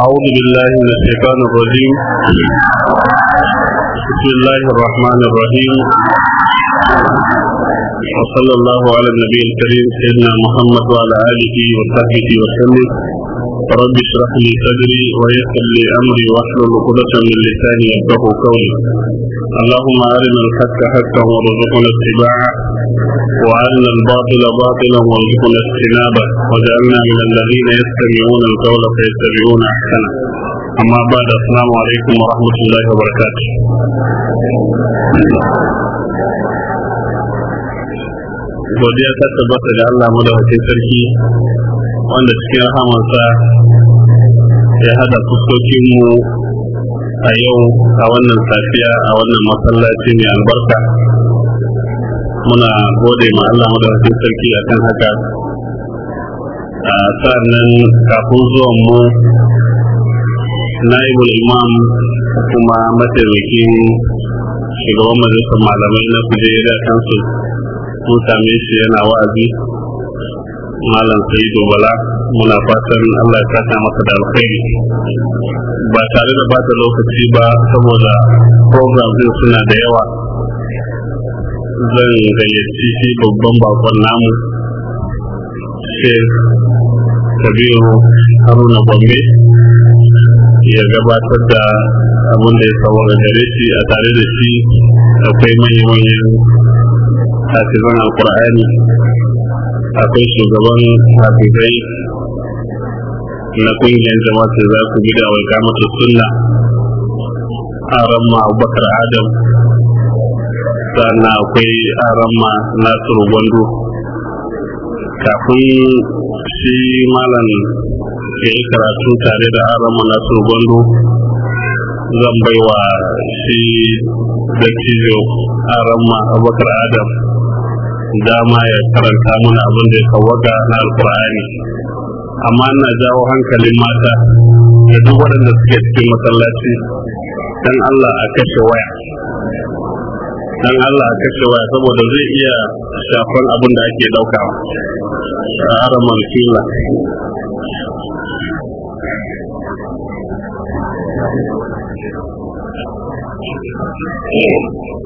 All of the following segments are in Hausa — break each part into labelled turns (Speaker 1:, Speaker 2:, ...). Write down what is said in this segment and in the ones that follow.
Speaker 1: أعوذ بالله من الشيطان الرجيم بسم الله الرحمن الرحيم وصلى الله على النبي الكريم سيدنا محمد وعلى آله وصحبه وسلم رب اشرح لي صدري ويسر لي امري واحلل عقدة من لساني يفقه قولي اللهم ارنا الحق حقا وارزقنا اتباعه وارنا الباطل باطلا وارزقنا اجتنابه واجعلنا من الذين يستمعون القول فيتبعون احسنه اما بعد السلام عليكم ورحمه الله وبركاته godiya ta tabbata da Allah mu da wace sarki wanda cikin rahamansa ya hada mu a yau a wannan safiya a wannan masallaci mai albarka muna gode ma Allah mu da wace sarki a kan haka a sa'annan kafin zuwan mu na'ibul imam kuma mataimakin shugaban majalisar malamai na kuje da kansu mun same shi yana wa'azi malam sayidu bala muna fatan allah ya saka masa da alkhairi ba tare da bata lokaci ba saboda program din suna da yawa zan gayyaci shi babban bakon namu shek kabiru haruna gombe ya gabatar da abin da ya samu gare shi a tare da shi akwai manya-manyan hafizan القرآن akwai shugaban hafizai na لأن jama'a za ku gida السنة kamata sunna a ramma abubakar adam akwai a ramma nasiru kafin shi malam ya yi karatu tare da a ramma nasiru zan baiwa shi da cizo adam dama ya karanta mana abin da ya kawaga na alkur'ani amma ina jawo hankalin mata da duk waɗanda suke cikin masallaci dan Allah a kashe waya dan Allah a kashe waya saboda zai iya shafan abin da ake ɗauka a haramar fila
Speaker 2: Thank you.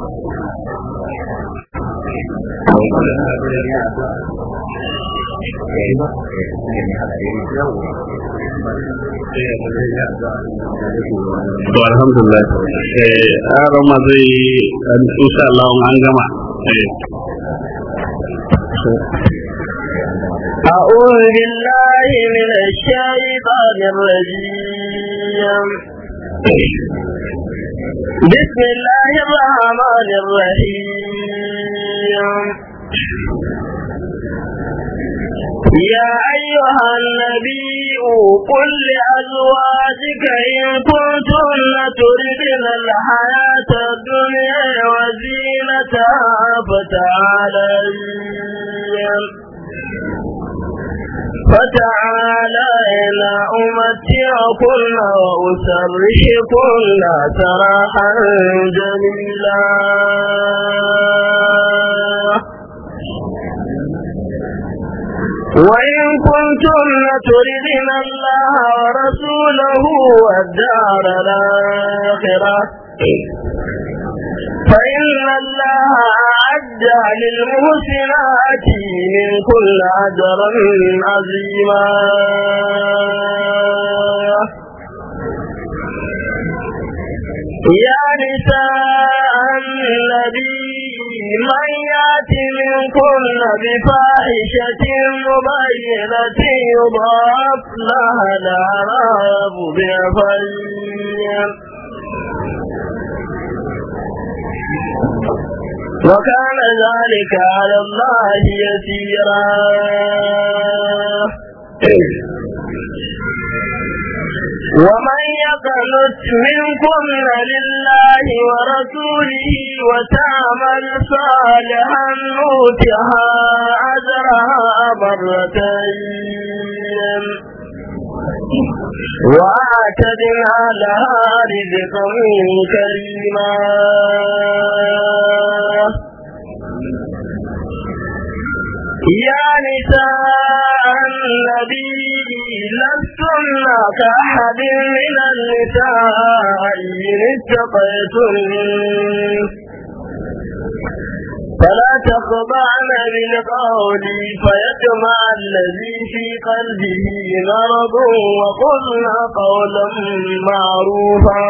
Speaker 2: to
Speaker 1: alhamdulillah eh a ramadai eh, an tsusa
Speaker 2: lawan an
Speaker 3: يا أيها النبي قل لأزواجك إن كنتن تردن الحياة الدنيا وزينتها فتعالين فتعالى فتعالينا أمتعكم وأسرحكن سراحا جميلا وإن كنتم تردن الله ورسوله والدار الآخرة فإن الله أعد للمسلمات من كل أجر عظيما يا نساء النبي من يأتي منكن بفاحشة مبينة يضاف لها العرب بعفين وكان ذلك على الله يسيرا ومن يقنت منكم لله ورسوله وتعمل صالحا نوتها أجرها مرتين وأعتدنا لها رزقا كريما يا نساء النبي لستن كأحد من النساء إن اتقيتن فلا تخضعن للقول فيطمع الذي في قلبه مرض وقلنا قولا معروفا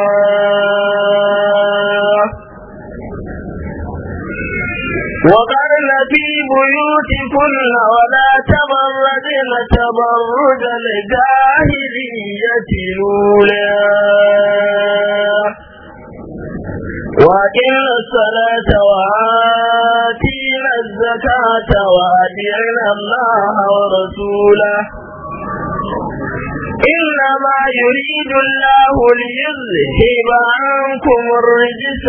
Speaker 3: وقرن في بيوتكن ولا تبردن تبرج الجاهلية الأولى وأقمنا الصلاة وآتينا الزكاة وأطعنا الله ورسوله إنما يريد الله ليذهب عنكم الرجس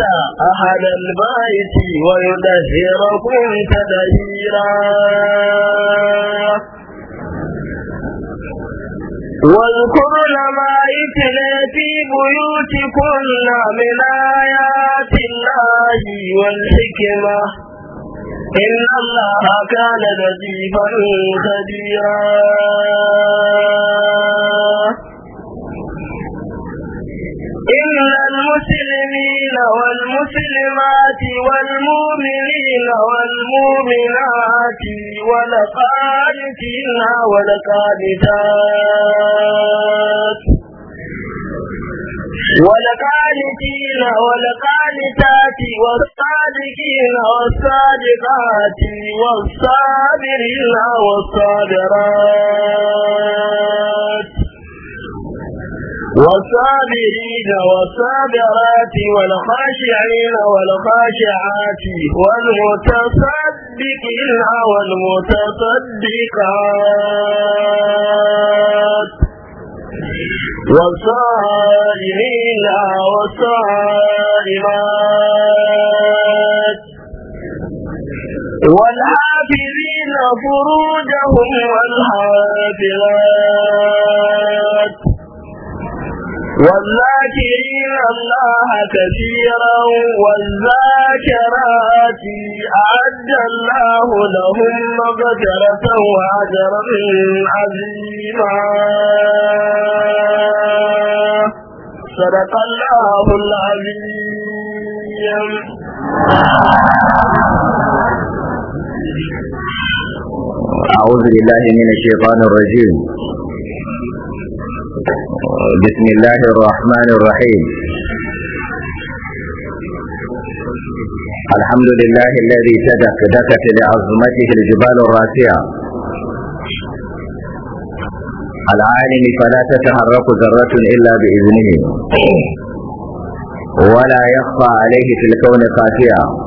Speaker 3: أهل البيت ويدهركم تدهيرا واذكرن ما يتلى في بيوتكن من آيات الله والحكمة إن الله كان لطيفا خبيرا إن المسلمين والمسلمات والمؤمنين والمؤمنات والقانتين والقانتات والقانتين والقانتات والصادقين والصادقات والصابرين والصابرات والصابرين والصابرات والخاشعين والخاشعات والمتصدقين والمتصدقات والصائمين والصائمات والحافظين فروجهم والحافظات والذاكرين الله كثيرا والذاكرات أعد الله لهم مغفرة وأجرا عظيما صدق الله العظيم
Speaker 2: أعوذ بالله من الشيطان الرجيم بسم الله الرحمن
Speaker 4: الرحيم الحمد لله الذي سدك دكت لعظمته الجبال الراسية العالم فلا تتحرك ذرة إلا بإذنه ولا يخفى عليه في الكون قاسيه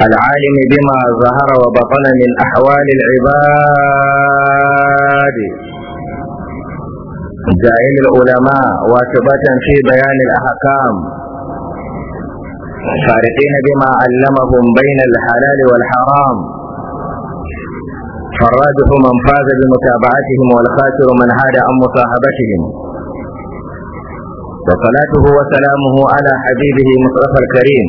Speaker 4: العالم بما ظهر وبطن من أحوال العباد جاهل العلماء واثبة في بيان الأحكام فارقين بما علمهم بين الحلال والحرام فالراجح من فاز بمتابعتهم والخاسر من هاد عن مصاحبتهم وصلاته وسلامه على حبيبه مصطفى الكريم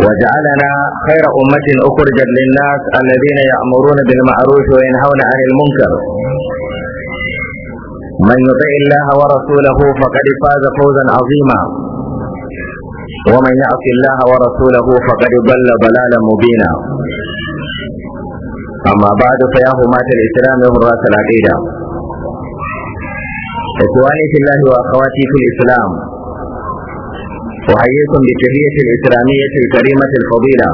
Speaker 4: وجعلنا خير أمة أخرجت للناس الذين يأمرون بالمعروف وينهون عن المنكر من يطع الله ورسوله فقد فاز فوزا عظيما ومن يعص الله ورسوله فقد ضل ضلالا مبينا أما بعد فيا في الإسلام وحراس العقيدة إخواني في الله وأخواتي في الإسلام أحييكم بالتحية الإسلامية الكريمة الفضيلة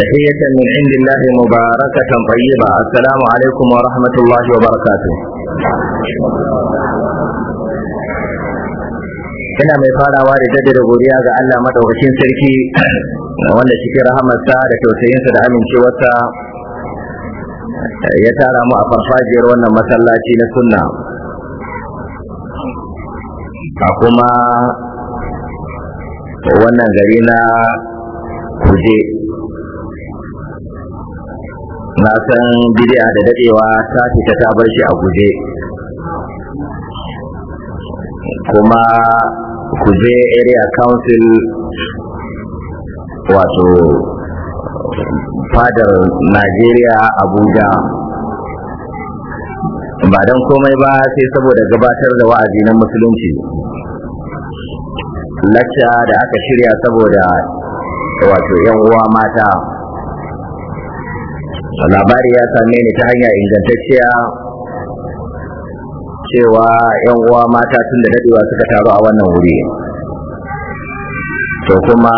Speaker 4: تحية من عند الله مباركة طيبة السلام عليكم ورحمة الله وبركاته ina mai farawa da jaddada godiya ga Allah madaukakin sarki wanda cikin rahamarsa da tausayinsa da amincewarsa ya tara mu a farfajiyar wannan masallaci na sunna a kuma wannan gari na kuje na san bidiya da dadewa ta fita ta bar shi a kuje, kuma kuje area council wato fadar najeriya abuja ba don komai ba sai saboda gabatar da wa'azi na musulunci lacca da aka shirya saboda wato yan uwa mata labari ya same ni ta hanya ingantacciya cewa yan uwa mata tun da dadewa suka taru a wannan wuri to kuma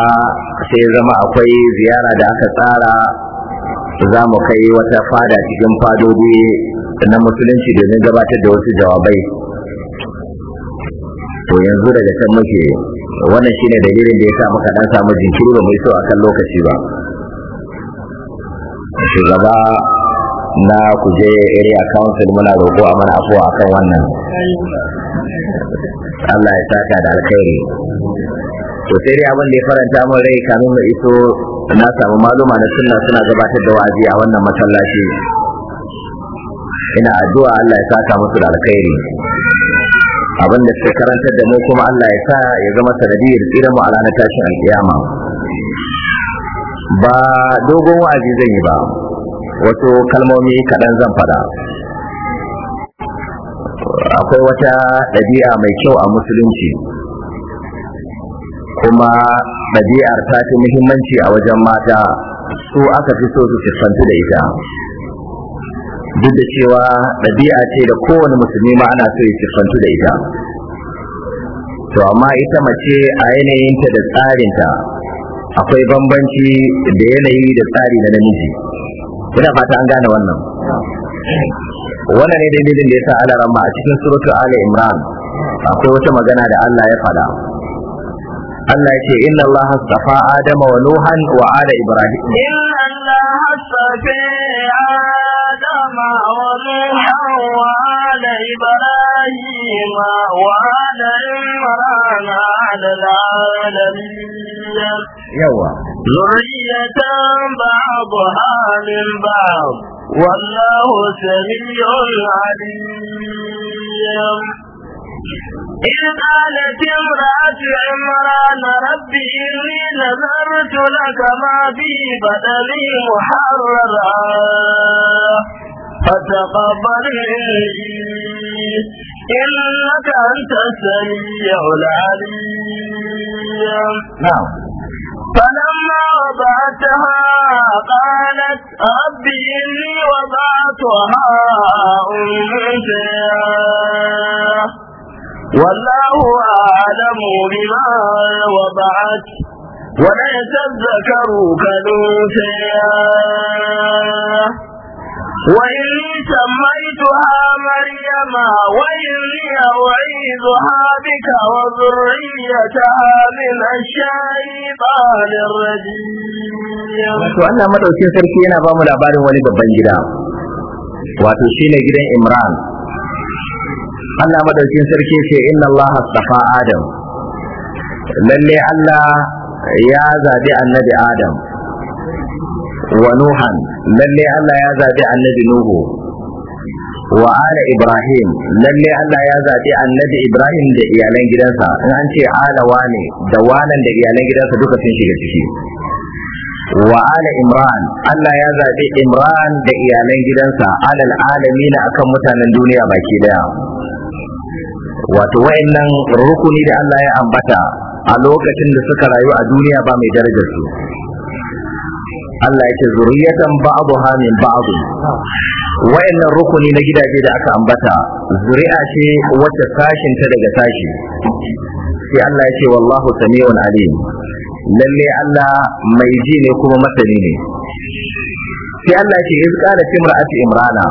Speaker 4: sai zama akwai ziyara da aka tsara za mu kai wata fada cikin fadodi na musulunci domin gabatar da wasu jawabai to yanzu daga can muke wannan shine dalilin da ya sa muka dan samu jinkiri ba mai so akan lokaci ba shugaba na kuje area council muna roƙo a mana afuwa akan wannan Allah ya saka da alkhairi to sai dai abin da ya faranta min rai kamin mu iso na samu maluma na sunna suna gabatar da wa'azi a wannan masallaci ina addu'a Allah ya saka musu da alkhairi abin da suka karantar da mu kuma Allah ya sa ya zama sanadiyar ilimu a ranar tashin alƙiyama. ba dogon wa'azi zan yi ba wasu kalmomi kaɗan zan fada akwai wata ɗabi'a mai kyau a musulunci kuma ɗabi'ar ta fi muhimmanci a wajen mata su aka fi so su fuskanci da ita duk da cewa ɗabi'a ce da kowane musulmi ma ana so ya kifantu da ita to amma ita mace a yanayinta da tsarinta akwai bambanci da yanayi da tsari na namiji ina fata an gane wannan wannan ne dalilin da yasa Allah ramma a cikin suratu Ali Imran akwai wata magana da Allah ya faɗa Allah yake inna Allah astafa Adama wa Nuhan wa ala Ibrahim inna
Speaker 3: Allah astafa إبراهيم وعلى عمران على العالمين يوا ذرية بعضها من بعض والله سميع عليم إذ قالت امرأة عمران ربي إني نذرت لك ما في بدني محررا فتقبلني إنك أنت السميع العليم نعم فلما وضعتها قالت ربي إني وضعتها أنثى والله أعلم بما وضعت وليس الذكر كالأنثى وإن سميتها مريم وإني أعيذها بك وذريتها من الشيطان الرجيم
Speaker 4: wato Allah madaukin sarki yana bamu labarin wani babban gida wato gidan Imran Allah madaukin sarki ce inna Allah astafa Adam lalle Allah ya zabi annabi Adam wa nuhan lalle Allah ya zabi annabi nuhu wa ala ibrahim lalle Allah ya zabi annabi ibrahim da iyalan gidansa in an ce ala wane da wanan da iyalan gidansa duka sun shiga ciki wa ala imran Allah ya zabi imran da iyalan gidansa alal alamin akan mutanen duniya baki daya wato wayannan rukuni da Allah ya ambata a lokacin da suka rayu a duniya ba mai darajar su Allah yake zuriyatan ba'dha min ba'd wayannan rukuni na gidaje da aka ambata zuri'a ce wacce sashin ta daga sashi sai Allah yake wallahu samiun alim lalle Allah mai ji ne kuma masani ne sai Allah yake iz qala timra'atu imrana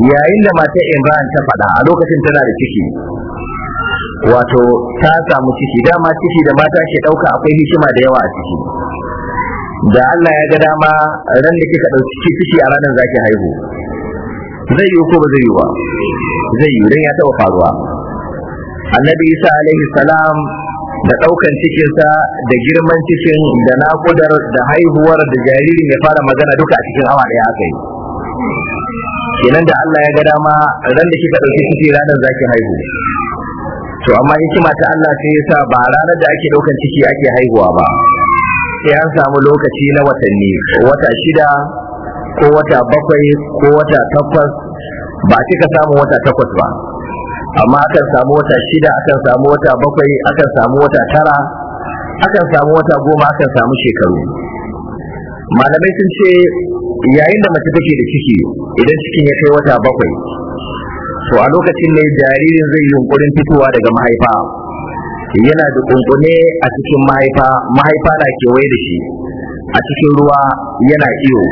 Speaker 4: yayin da matar imran ta faɗa a lokacin tana da ciki wato ta samu ciki dama ciki da mata ke ɗauka akwai hikima da yawa a ciki da Allah ya ga dama ran da kika dauki ciki a ranar zaki haihu zai yi ko ba zai yi ba zai yi dan ya taɓa faruwa annabi isa alaihi salam da daukan cikinsa da girman cikin da naƙudar da haihuwar da jaririn ya fara magana duka a cikin awa daya aka yi kenan da Allah ya ga dama ran da kika dauki ciki ranar zaki haihu to amma hikima ta Allah sai ya sa ba ranar da ake daukan ciki ake haihuwa ba sai an samu lokaci na watanni wata shida ko wata bakwai ko wata takwas ba a cika samun wata takwas ba amma akan samu wata shida akan samu wata bakwai akan samu wata tara akan samu wata goma akan samu shekaru malamai sun ce yayin da mace take da ciki idan cikin ya kai wata bakwai to a lokacin ne jaririn zai yunkurin fitowa daga mahaifa yana da kunkune a cikin mahaifa mahaifa na kewaye da shi a cikin ruwa yana iyo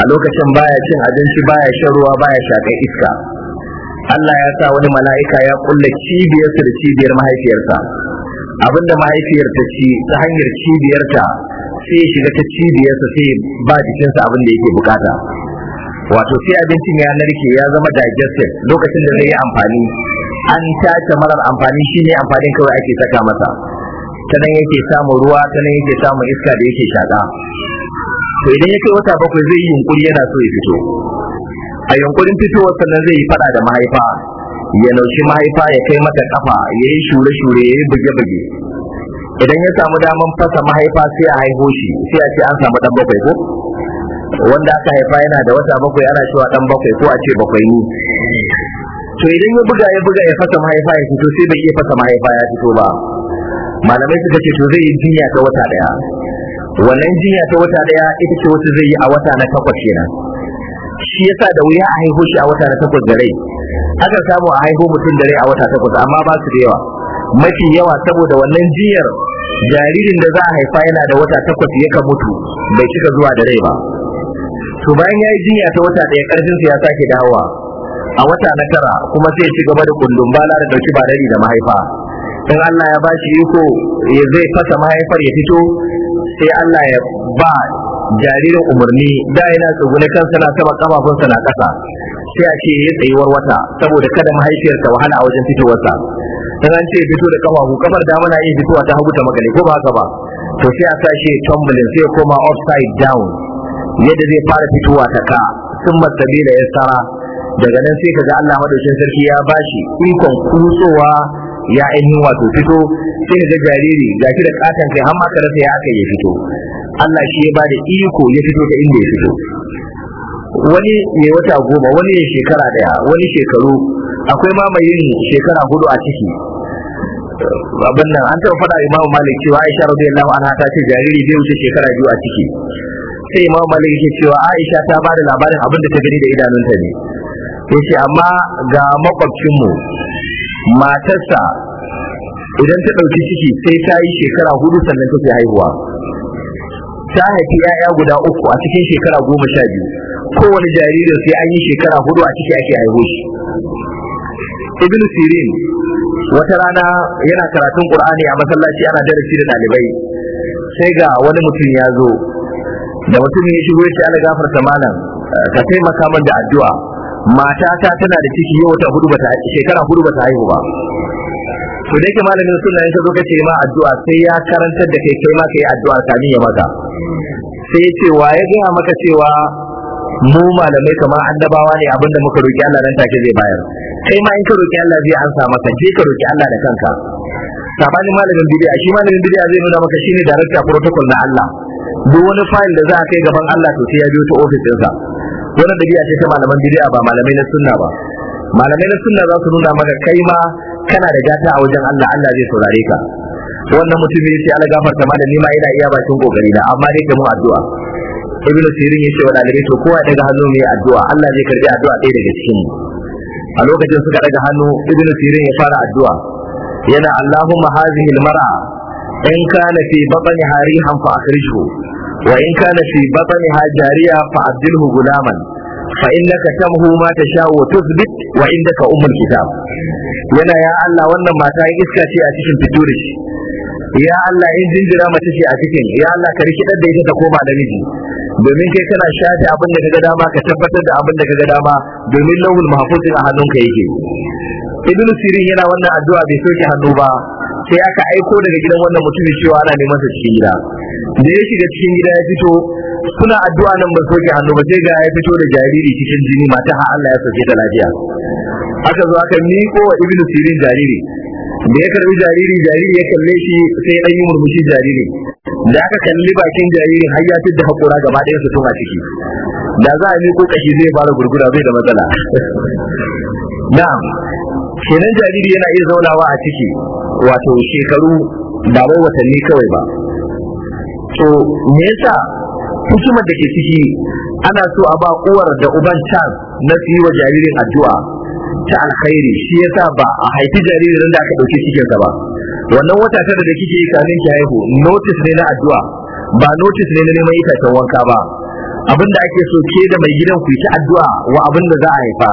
Speaker 4: a lokacin baya cin abinci baya shan ruwa baya shaka iska Allah ya sa wani mala'ika ya kulle cibiyarsa da cibiyar mahaifiyarsa abinda mahaifiyar ta ci ta hanyar cibiyarta sai ya shiga ta cibiyarsa sai ba jikinsa abin da yake bukata wato sai abincin ya narke ya zama digestive lokacin da zai yi amfani an tace marar amfani ne amfanin kawai ake saka masa ta nan yake samun ruwa ta nan yake samun iska da yake shaƙa to idan ya kai wata bakwai zai yi yunkuri yana so ya fito a yunkurin fitowa sannan zai yi fada da mahaifa ya laushi mahaifa ya kai mata kafa ya yi shure-shure ya yi buge-buge idan ya samu daman fasa mahaifa sai a haihu shi sai a ce an samu dan bakwai ko wanda aka haifa yana da wata bakwai ana cewa dan bakwai ko a ce bakwai ni to idan ya buga ya buga ya fasa mahaifa ya fito sai bai iya fasa mahaifa ya fito ba malamai suka ce to zai yi jinya ta wata daya wannan jinya ta wata daya ita ce wata zai yi a wata na takwas kenan shi yasa da wuya a haihu shi a wata na takwas da rai aka samu a haihu mutum da rai a wata takwas amma ba su da yawa mafi yawa saboda wannan jinyar jaririn da za a haifa yana da wata takwas ya yakan mutu bai cika zuwa da rai ba to bayan ya yi jinya ta wata daya karfin sa ya sake dawowa a wata na tara kuma sai ci gaba da ba bala da dauki badari da mahaifa in Allah ya bashi iko ya zai fasa mahaifar ya fito sai Allah ya ba jaririn umarni da yana tsugune kansa na sama kafafunsa na kasa sai a ce ya tsayuwar wata saboda kada mahaifiyar wahala a wajen fitowarsa dan an ce fito da kafafu kafar da muna yin fitowa ta hagu ta makale ko ba haka ba to sai a sashi tumbling sai koma upside down yadda zai fara fitowa ta ka sun masabila ya tsara daga nan sai kaga Allah madaukin sarki ya bashi ikon kusowa ya ainihin wato fito sai ga jariri gashi da katan kai har ma ka ya aka ya fito Allah shi ya bada iko ya fito da inda ya fito wani mai wata goma wani ne shekara daya wani shekaru akwai ma mai yin shekara hudu a ciki abin nan an taɓa faɗa imamu malik cewa aisha radiyallahu anha ta ce jariri zai wuce shekara biyu a ciki sai imamu malik yake cewa aisha ta ba da labarin abin da ta gani da idanunta ne ce amma ga makwabcinmu matarsa idan ta ɗauki ciki sai ta yi shekara hudu sannan ta fi haihuwa ta haifi 'ya'ya guda uku a cikin shekara goma sha biyu kowane jaririn sai an yi shekara hudu a ciki ake haihu shi ibn sirin wata rana yana karatun qur'ani a masallaci ana darasi da dalibai sai ga wani mutum ya zo da mutum ya shigo ya ce ana gafarta malam ka taimaka min da addu'a Mata ta tana da ciki yau ta hudu bata shekara hudu bata haihu ba to dai ke malamin sunna ya zo kace ma addu'a sai ya karantar da kai kai ma kai addu'a kamin ya maka sai ce wa ya gaya maka cewa mu malamai kamar annabawa ne abinda muka roki Allah nan take zai bayar kai ma in ka roki Allah zai ansa maka je ka roki Allah da kanka sabani malamin A shi malamin bid'a zai nuna maka shine director protocol na Allah duk wani file da za a kai gaban Allah to sai ya biyo ta office ɗinsa wannan dabi'a ce ta malaman bid'a ba malamai na sunna ba malamai na sunna za su nuna maka kai ma kana da gata a wajen Allah Allah zai saurare ka wannan mutum ya ce Allah gafarta ma nima ina iya bakin kokari na amma dai da mu addu'a ibnu sirin ya wa dalibai to kowa daga hannu mai addu'a Allah zai karbi addu'a ɗaya daga cikin mu a lokacin suka daga hannu ibnu sirin ya fara addu'a yana Allahumma hazihi almar'a in kana fi batni hari hanfa akhrijhu wa in kana fi ha jariya fa abdilhu gulaman fa innaka tamhu ma tasha wa tuthbit wa indaka ummul kitab yana ya Allah wannan mata iska ce a cikin fituri ya Allah in jinjira mace ce a cikin ya Allah ka rikidar da ita ta koma da miji domin kai kana shafi abin da kaga dama ka tabbatar da abin da kaga dama domin lauhul mahfuz a hannunka yake ibnu sirin yana wannan addu'a bai soke hannu ba sai aka aiko daga gidan wannan mutumin cewa ana neman sa cikin gida da ya shiga cikin gida ya fito suna addu'a nan ba soke hannu ba sai ga ya fito da jariri cikin jini mata har Allah ya sauke da lafiya aka zo aka miko wa ibnu sirin jariri da ya karbi jariri jariri ya kalle shi sai an yi murmushi jariri da aka kalli bakin jariri, har ya da hakura gaba ɗaya su tuma ciki da za a miko kashi zai fara gurgura zai da matsala na'am kenan jariri yana iya zaunawa a ciki wato shekaru ba wai watanni kawai ba to me yasa hikimar da ke ciki ana so a ba uwar da uban can na su yi wa jaririn addu'a ta alkhairi shi yasa ba a haifi jaririn da aka ɗauki cikinsa ba wannan wata tara da kike yi kafin ki haihu notice ne na addu'a ba notice ne na neman itacen wanka ba abinda ake so ke da mai gidan ku yi addu'a wa abin da za a haifa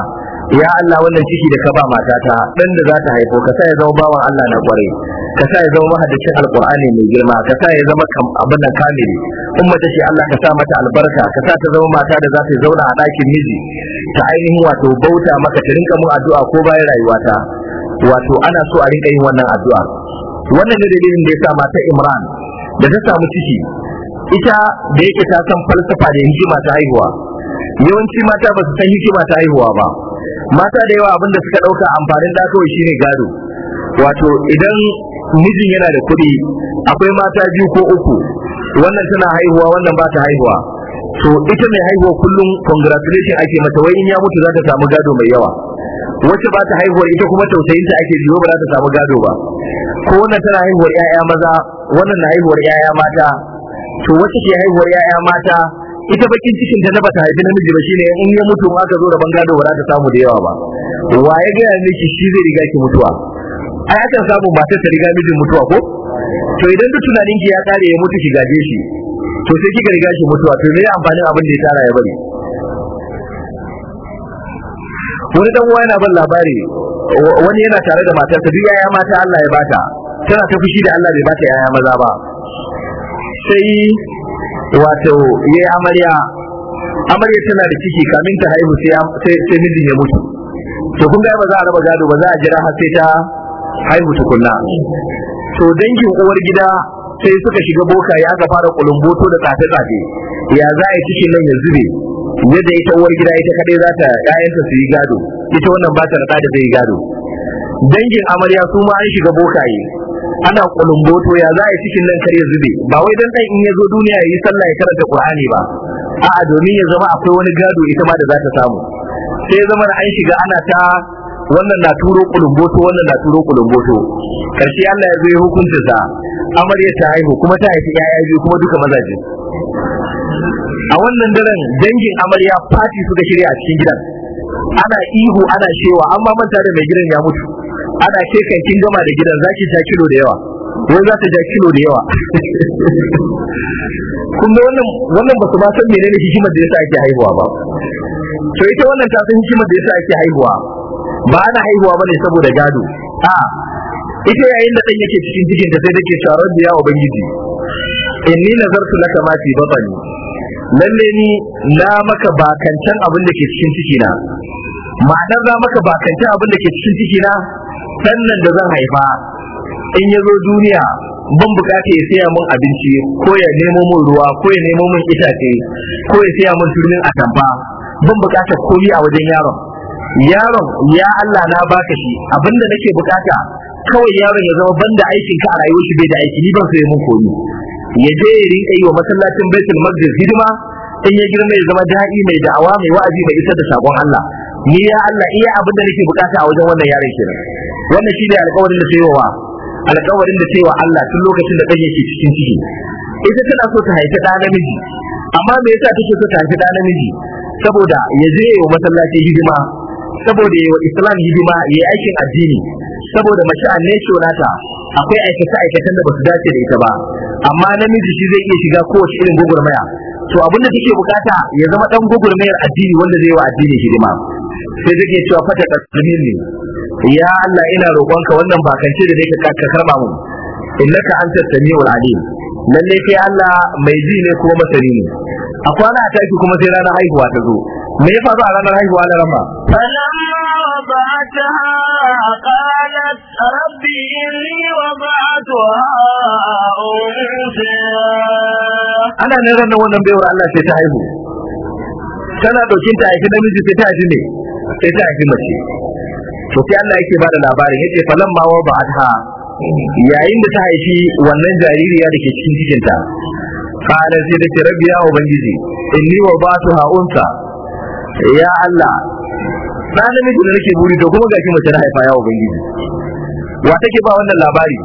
Speaker 4: ya Allah wannan ciki da ka ba matata ɗan da za ta haifo ka sa ya zama bawan Allah na kware ka sa ya zama mahaddacin alqur'ani mai girma ka sa ya zama abin nan kamili in mace ce Allah ka sa mata albarka ka sa ta zama mata da za ta zauna a dakin miji ta ainihin wato bauta maka ta rinka mun addu'a ko bayan rayuwata wato ana so a rinka yin wannan addu'a wannan ne dalilin da ya sa mata Imran da ta samu ciki ita da yake ta san falsafa da hikima ta haihuwa yawanci mata ba su san hikima ta haihuwa ba mata da yawa abinda suka dauka amfanin da kawai shine gado wato idan mijin yana da kuɗi akwai mata biyu ko uku wannan tana haihuwa wannan ba ta haihuwa to ita mai haihuwa kullum congratulation ake mata wai in ya mutu za ta samu gado mai yawa wacce ba ta haihuwar ita kuma tausayinta ake biyo ba za ta samu gado ba ko wannan tana haihuwar 'ya'ya maza wannan na haihuwar 'ya'ya mata to wacce ke haihuwar 'ya'ya mata ita bakin cikin da na bata haifi namiji ba shine in ya mutu aka zo da bangado ba za ta samu da yawa ba wa ya ga miki shi zai riga ki mutuwa ai akan samu mata ta riga mijin mutuwa ko to idan duk tunanin ki ya kare ya mutu shi gaje shi to sai kika riga shi mutuwa to me amfanin abin da ya tara ya bari wani dan wani yana ban labari wani yana tare da matarsa duk yaya mata Allah ya bata tana ta fushi da Allah bai bata yaya maza ba sai wato yayi amarya amarya tana da ciki kamin ta haihu sai sai mijin ya mutu to kun ga ba za a raba gado ba za a jira har sai ta haihu tukunna to dangin uwar gida sai suka shiga boka ya aka fara kulumboto da tsafe tsafe ya za a yi cikin nan ya zube yadda ita uwar gida ita kadai za ta ƴaƴanta su yi gado ita wannan ba ta da zai yi gado dangin amarya su ma an shiga bokaye ana kulumboto ya za a yi cikin nan kare zube ba wai dan dan in ya zo duniya ya yi sallah ya karanta qur'ani ba a'a domin ya zama akwai wani gado ita ma da za ta samu sai ya zama an shiga ana ta wannan na turo kulumboto wannan na turo kulumboto karshe Allah ya zo ya hukunta sa amarya ta haihu kuma ta haifi yaya biyu kuma duka mazaje a wannan daren dangin amarya fati suka shirya a cikin gidan ana ihu ana shewa amma manta da mai gidan ya mutu ana ce kan kin gama da gidan zaki sha kilo da yawa wai za ta ja kilo da yawa kun ga wannan wannan ba su ba san menene hikimar da yasa ake haihuwa ba to ita wannan ta san hikimar da yasa ake haihuwa ba ana haihuwa bane saboda gado a ita yayin da dan yake cikin jikin da sai take sharar da ya ubangiji inni nazartu laka ma fi batni lalle ni na maka bakancan abin da ke cikin ciki na ma'anar za maka bakancan abin da ke cikin ciki na sannan da zan haifa in ya zo duniya ban bukata ya saya mun abinci ko ya nemo mun ruwa ko ya nemo mun itace ko ya saya mun turmin atamfa ban bukata komi a wajen yaron yaron ya Allah na baka shi abinda nake bukata kawai yaron ya zama banda aikin ka a rayuwar shi bai da aiki ni ban so ya mun komi ya je ya rinka yi wa masallacin baitul maqdis hidima in ya girma ya zama da'i mai da'awa mai wa'azi mai isar da sakon Allah ni ya Allah iya abin nake bukata a wajen wannan yaron kenan wannan shi ne alƙawarin da cewa wa alƙawarin da cewa Allah tun lokacin da kake cikin ciki ita tana so ta haifi ɗa namiji amma me yasa take so ta haifi ɗa namiji saboda ya je wa masallaci hidima saboda ya yi wa islam hidima ya yi aikin addini saboda ne shi nata akwai aikata aikatan da ba su dace da ita ba amma namiji shi zai iya shiga kowace irin gugurmaya to abin abinda take bukata ya zama dan gugurmayar addini wanda zai wa addini hidima sai zai iya cewa fata tasmin ne ya Allah ina roƙonka wannan bakance da nake ka karba mu innaka antas samiul alim lalle kai Allah mai ji ne kuma masani ne a kwana ta ki kuma sai ranar haihuwa ta zo me ya faru a ranar haihuwa na rama
Speaker 3: قالت ربي إني وضعتها أنثى
Speaker 4: أنا نرى أن wannan baiwar Allah sai ta haihu tana dokin ta haifi namiji sai ta haifi ne sai ta haifi mace to sai Allah yake bada labarin yace ma wa ba'atha yayin da ta haifi wannan jaririya da ke cikin cikinta qala sai da ke rabbi ya bangiji, inni wa su unsa ya Allah na namiji da nake buri to kuma gashi mace na haifa ya ubangiji wa take ba wannan labari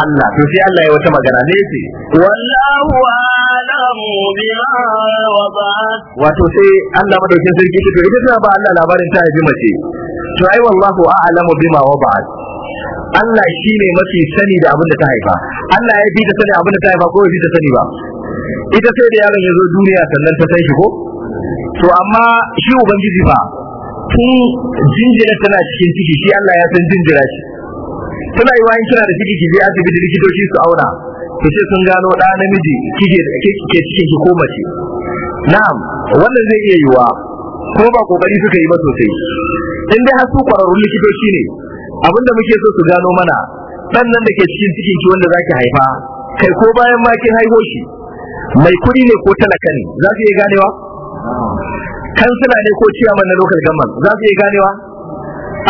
Speaker 4: Allah to sai Allah ya wata magana ne ce
Speaker 3: wallahu a'lamu bima wadat
Speaker 4: wato sai Allah madaukin sarki ce ita ba Allah labarin ta haifi mace to ai wallahu a'lamu bima wada'at Allah shi ne mafi sani da abin da ta haifa Allah ya fi ta sani abin da ta haifa ko ya fi ta sani ba ita sai da yaron ya zo duniya sannan ta san shi ko to amma shi ubangiji ba tun jinjira tana cikin ciki shi Allah ya san jinjira shi tana yi wayan kira da ciki ki je asibiti likitoci su auna to sai sun gano da namiji kike ke cikin ki ko mace na'am wannan zai iya yiwa ko ba kokari suka yi ba sosai in dai har su kwararrun likitoci ne abinda muke so su gano mana dan nan da ke cikin cikin ki wanda zaki haifa kai ko bayan ma kin haihu shi mai kuɗi ne ko talaka ne za su iya ganewa kansila ne ko ciyaman na local government za su iya ganewa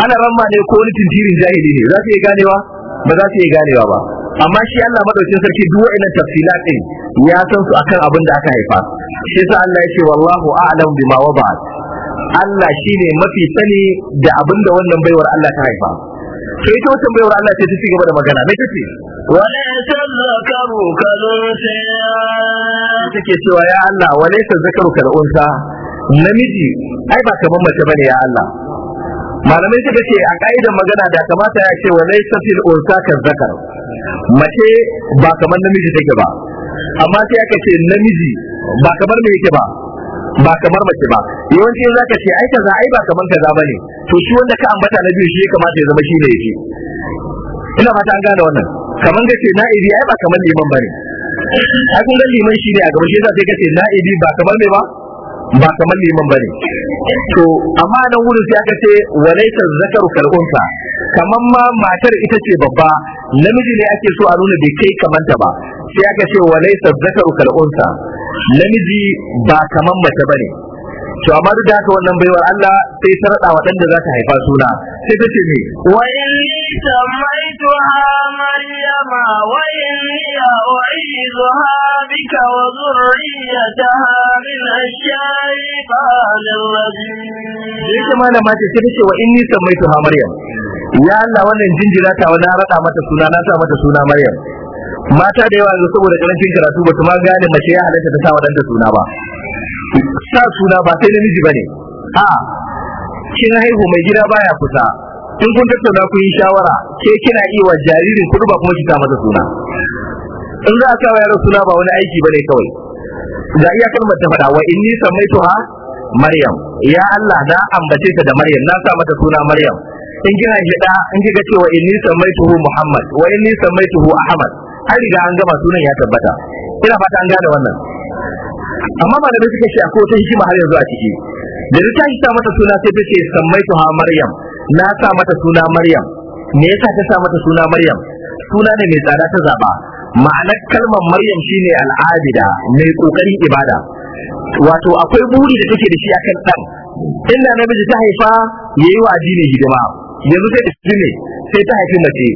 Speaker 4: ana ramma ne ko wani tintirin jahili ne za su iya ganewa ba za su iya ganewa ba amma shi Allah madaukin sarki duk wa'annan tafsilatin din ya san su akan abin da aka haifa shi yasa Allah ya ce wallahu a'lam bima wada'at Allah shi ne mafi sani da abin da wannan baiwar Allah ta haifa Ke ita wata baiwar Allah ce ta ci gaba da magana me kace wala
Speaker 3: tazakaru kalunsa
Speaker 4: take cewa ya Allah zakaru tazakaru kalunsa namiji ai ba kamar mace bane ya Allah malamai suka ce a ka'idar magana da kamata ya ce wala tafil unsa zakar. mace ba kaman namiji take ba amma sai aka ce namiji ba kamar me yake ba ba kamar mace ba yawanci za ka ce ai kaza ai ba kamar kaza bane to shi wanda ka ambata na biyu shi ya kamata ya zama shi ne yake ina fata an gane wannan kamar ka ce na'ibi ai ba kamar liman bane ai kun ga liman shi ne a gaba shi za sai ka ce na'ibi ba kamar me ba ba kamar liman bane to amma nan wurin sai aka ce walaita zakaru kalunsa, kamar ma matar ita ce babba namiji ne ake so a nuna bai kai kamanta ba sai aka ce walaita zakaru kalunsa. namiji ba kaman mace bane to amma duk da haka wannan baiwar Allah sai ta rada wa dan da za ta haifa suna sai ta ce me wa
Speaker 3: inni samaituha maryama wa inni u'izuha bika wa zurriyataha min ash-shaytanir rajim
Speaker 4: yake malama ce sai ta ce wa inni samaituha maryam ya Allah wannan jinjira ta wani rada mata suna na sa mata suna maryam mata da yawa yanzu saboda karancin karatu ba su ma gane mace ya halarta ta sa wa suna ba sa suna ba sai namiji bane a kin haihu mai gida baya kusa in kun tattauna kun yi shawara ke kina iya wa jaririn kuɗi ba kuma ki sa masa suna in za a sa wa suna ba wani aiki bane kawai ga iya kalmar ta fada wa inni ha Maryam ya Allah na ambace ta da Maryam na sa mata suna Maryam in kina gida in kika cewa inni samaitu Muhammad wa inni samaitu Ahmad Har riga an gama sunan ya tabbata ina fata an gane wannan amma malamai suka ce akwai wata hikima har yanzu a ciki da ta sa mata suna sai ta ce sammai ha maryam na sa mata suna maryam me yasa ta sa mata suna maryam suna ne mai tsada ta zaba ma'anar kalmar maryam shine al'abida mai kokarin ibada wato akwai buri da take da shi akan dan inda namiji ta haifa yayi wa addini hidima yanzu sai ta sai ta haifi mace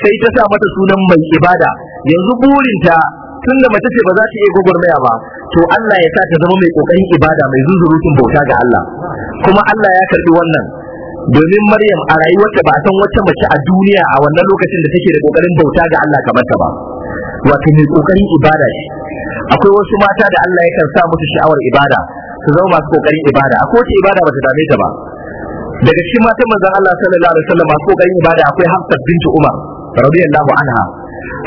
Speaker 4: sai ta sa mata sunan mai ibada yanzu burinta tun da mace ce ba za ta iya gwagwarmaya ba to Allah ya sa ta zama mai kokarin ibada mai zuzurutun bauta ga Allah kuma Allah ya karbi wannan domin Maryam a rayuwarta ba a san wata mace a duniya a wannan lokacin da take da kokarin bauta ga Allah kamar ta ba wato mai kokarin ibada shi, akwai wasu mata da Allah yakan sa musu sha'awar ibada su zama masu kokarin ibada akwai wata ibada ba ta dame ta ba daga cikin matan manzon Allah sallallahu alaihi wasallam masu kokarin ibada akwai Hafsat, bintu Umar radiyallahu anha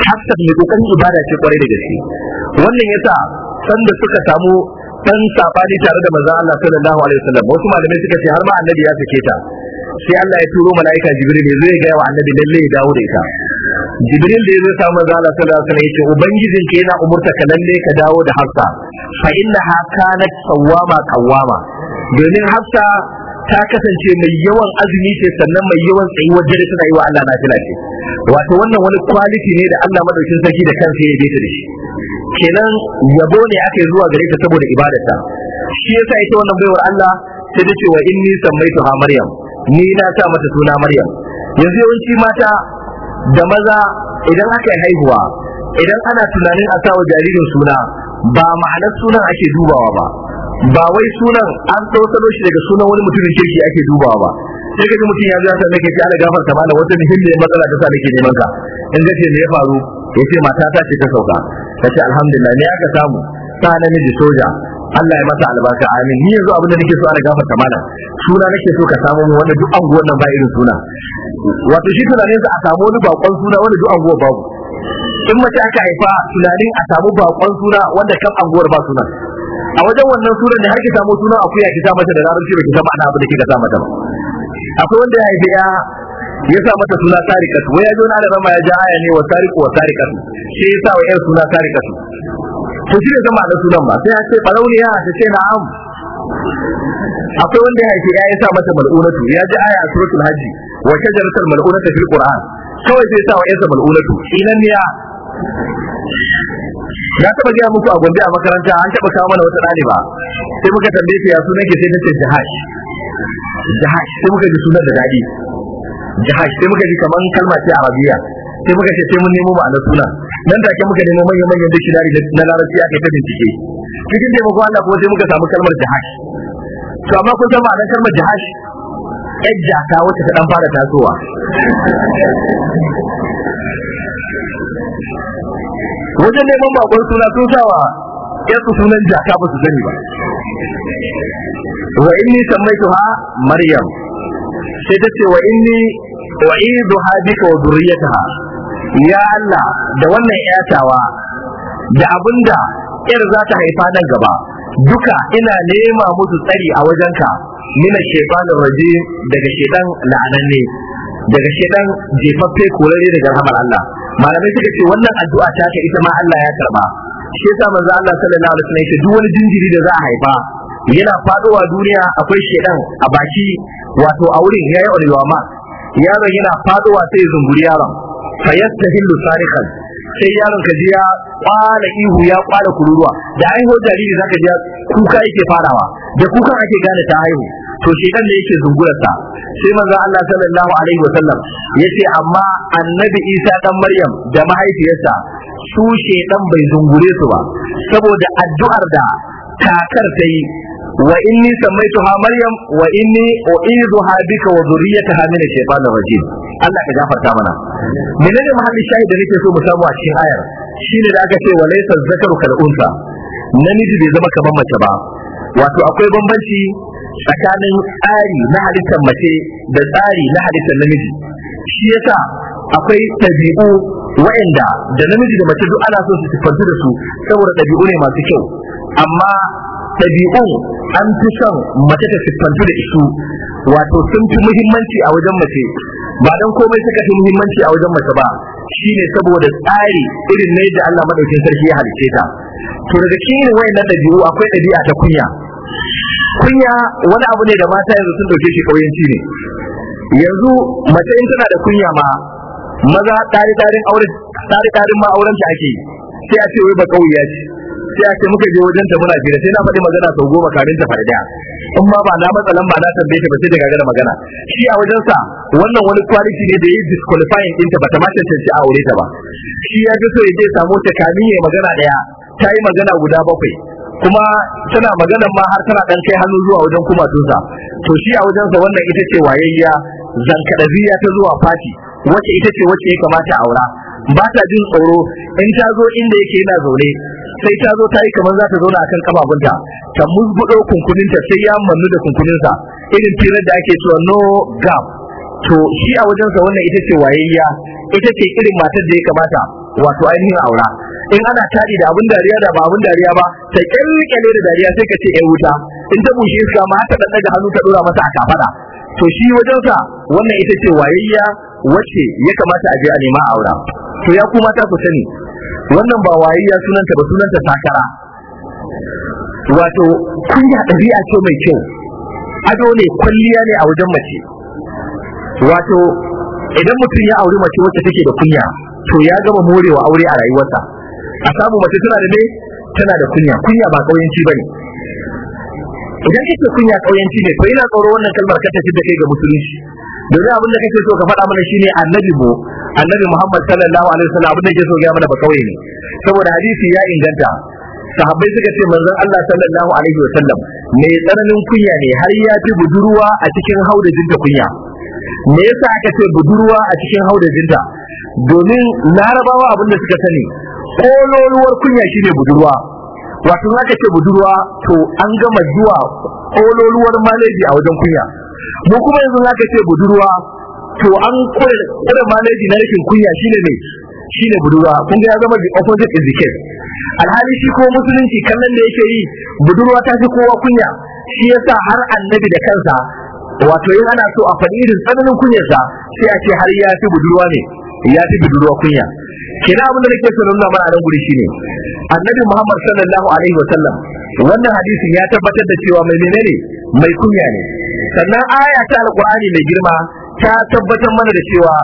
Speaker 4: hassan mai kokarin ibada ce kwarai da gaske wannan yasa sanda suka samu dan sabani tare da manzon Allah sallallahu alaihi wasallam wasu malamai suka ce har ma annabi ya sake ta sai Allah ya turo malaika jibril ne zai gaya wa annabi lalle ya dawo da ita jibril da ya zo samu manzon Allah sallallahu alaihi wasallam yace ubangijin ke yana umurta ka lalle ka dawo da hafsa fa innaha kanat sawama kawama domin hafsa ta kasance mai yawan azumi ce sannan mai yawan tsayuwar dare tana yi wa Allah nafila ce wato wannan wani kwaliti ne da Allah madaukin sarki da kansa ya bata da shi kenan yabo ne ake zuwa gare ta saboda ibadarta shi yasa ita wannan baiwar Allah sai ta ce wa inni ha maryam ni na sa mata suna maryam yanzu yawanci mata da maza idan aka yi haihuwa idan ana tunanin a sa wa jaririn suna ba ma'anar sunan ake dubawa ba ba wai sunan an tsautalo shi daga sunan wani mutumin kirki ake dubawa ba sai kaji mutum ya zata nake ci ana gafar ta mana wata muhimmiyar matsala ta sa nake neman ka in gace me ya faru ya ce mata ta ce ta sauka ta ce alhamdulillah ne aka samu ta namiji soja Allah ya masa albarka amin ni yanzu abin da nake so ana gafar ta mana suna nake so ka samu wanda duk anguwan nan ba irin suna wato shi tunanin sa a samu wani bakon suna wanda duk anguwa babu in mace aka haifa tunanin a samu bakon suna wanda kan anguwar ba suna. a wajen wannan sunan da har ki samu sunan akuya ki sa mata da larabci ba ki sa ma'ana abu da kika sa mata ba akwai wanda ya haifi ya ya sa mata suna tarikat wai ya zo na da ya ja aya ne wa tariku wa tarikat shi ya sa wa 'yan suna tarikat to shi ne san ma'anar sunan ba sai ya ce balauniya ta ce na'am akwai wanda ya haifi ya ya sa mata mal'unatu ya ji aya a suratul hajji wa shajaratul mal'unatu fil qur'an kawai sai ya sa wa yarsa mal'unatu inan ya na taba gaya muku a gombe a makaranta an taba kawo mana wata ɗaliba sai muka tambaye ta ya sunan ke sai ta ce Jihar jahash sai muka ji sunan da daɗi Jihar sai muka ji kaman kalma ce arabiya sai muka ce sai mun nemo ma'anar suna nan ke muka nemo manyan manyan dictionary na larabci aka ta bincike cikin taimakon Allah kuma sai muka samu kalmar jihar. to amma kun san ma'anar kalmar jihar, yar ta wacce ta dan fara tasowa wajen neman bakon suna sun sawa su sunan jaka ba su gani ba wa inni ha, maryam sai ta ce wa inni ha, bika wa dhurriyyataha ya Allah da wannan yatawa da abinda yar za ta haifa nan gaba duka ina nema musu tsari a wajenka mina shaytanir waje daga shaytan la'ananne daga shaytan jefaffe korare daga rahamar Allah malamai suka ce wannan addu'a ta ta ita ma Allah ya karba shi yasa manzo Allah sallallahu alaihi wasallam duk wani jinjiri da za a haifa yana faduwa duniya akwai shedan a baki wato a wurin yayi ulwama yaron yana faduwa sai zunguri yaron fayastahillu sarikan sai yaron ka ji kwala ihu ya kwala kururuwa da aiho jariri zaka jiya kuka yake farawa da kuka ake gane ta haihu to dan ne yake zungurarsa sai manzo Allah sallallahu alaihi wasallam yace amma annabi Isa dan Maryam da mahaifiyarsa su shedan bai zungure su ba saboda addu'ar da takar ta yi wa inni sammaituha maryam wa inni u'idhuha bika wa dhurriyyataha min ash-shaytanir rajim Allah ka gafarta mana menene muhalli shayi da nake so mu samu a cikin ayar shine da aka ce walaysa zakaru kal unsa namiji bai zama kamar mace ba wato akwai bambanci tsakanin tsari na halittar mace da tsari na halittar namiji shi yasa akwai tabi'u wa'anda da namiji da mace duk ana so su sifantu da su saboda tabi'u ne masu kyau amma tabi'un an fi son mace ta sifantu da su, wato sun fi muhimmanci a wajen mace ba don komai suka fi muhimmanci a wajen mace ba shi ne saboda tsari irin na da Allah madaukin sarki ya halice ta to daga cikin wayannan ɗabi'u akwai ɗabi'a ta kunya kunya wani abu ne da mata yanzu sun dauke shi kauyanci ne yanzu mace in tana da kunya ma maza tare tarin aure tare tarin ma auren ta ake sai a ce wai ba kauya ce sai a ce muka je wajen ta muna gida sai na faɗi magana sau goma kamin ta faɗi daya in ma ba na matsalan ba na tambaye ta ba sai daga gana magana shi a wajen sa wannan wani kwaliti ne da ya disqualifying ɗinta ba ta ma cancanci a aure ta ba shi ya fi so ya je samu ta kamin ya magana daya ta yi magana guda bakwai kuma tana magana ma har tana dan kai hannu zuwa wajen kuma kumatunsa to shi a wajensa wannan ita ce wayayya zankadabiya ta zuwa fati wacce ita ce wacce ya kamata aura ba ta jin tsoro in ta zo inda yake yana zaune sai ta zo ta yi kamar za ta zauna akan kababunta ta musgudo kunkuninta sai ya mannu da kunkuninsa irin firar da ake cewa no gap to shi a wajensa wannan ita ce wayayya ita ce irin matar da ya kamata wato ainihin aura in ana tari da abin dariya da ba abin dariya ba ta kyalkyale da dariya sai ka ce ai wuta in ta bushe iska ma haka daga hannu ta dora masa a kafada to shi wajensa wannan ita ce wayayya wacce ya kamata a je a nema aura to ya kuma ta ku sani wannan ba wayayya sunanta ba sunanta takara wato kunya ɗabi'a ce mai kyau ado ne kwalliya ne a wajen mace wato idan mutum ya auri mace wacce take da kunya to ya gama morewa aure a rayuwarsa a samu mace tana da ne tana da kunya kunya ba kauyanci bane idan kike kunya kauyanci ne to ina tsoro wannan kalmar ka tafi da kai ga musulunci domin abin da kake so ka faɗa mana shine annabi mu annabi Muhammad sallallahu alaihi wasallam abin da yake so ya mana ba kauye ne saboda hadisi ya inganta sahabbai suka ce manzon Allah sallallahu alaihi wasallam mai tsananin kunya ne har ya fi budurwa a cikin haudajin ta kunya me yasa aka ce budurwa a cikin haudajinta domin larabawa abin da suka sani kololuwar kunya shine budurwa wato aka ce budurwa to an gama zuwa kololuwar maleji a wajen kunya mu kuma yanzu ka ce budurwa to an kure maleji na rashin kunya shine ne shine budurwa kun ga ya zama the opposite is the case alhali shi ko musulunci kallon da yake yi budurwa ta fi kowa kunya shi yasa har annabi da kansa wato yin ana so a faɗi irin tsananin kunyarsa sai a ce har ya fi budurwa ya fi budurwa kunya kina abin da nake so nuna mana a nan guri shine annabi muhammad sallallahu alaihi wa sallam wannan hadisin ya tabbatar da cewa mai menene mai kunya ne sannan aya ta alqur'ani mai girma ta tabbatar mana da cewa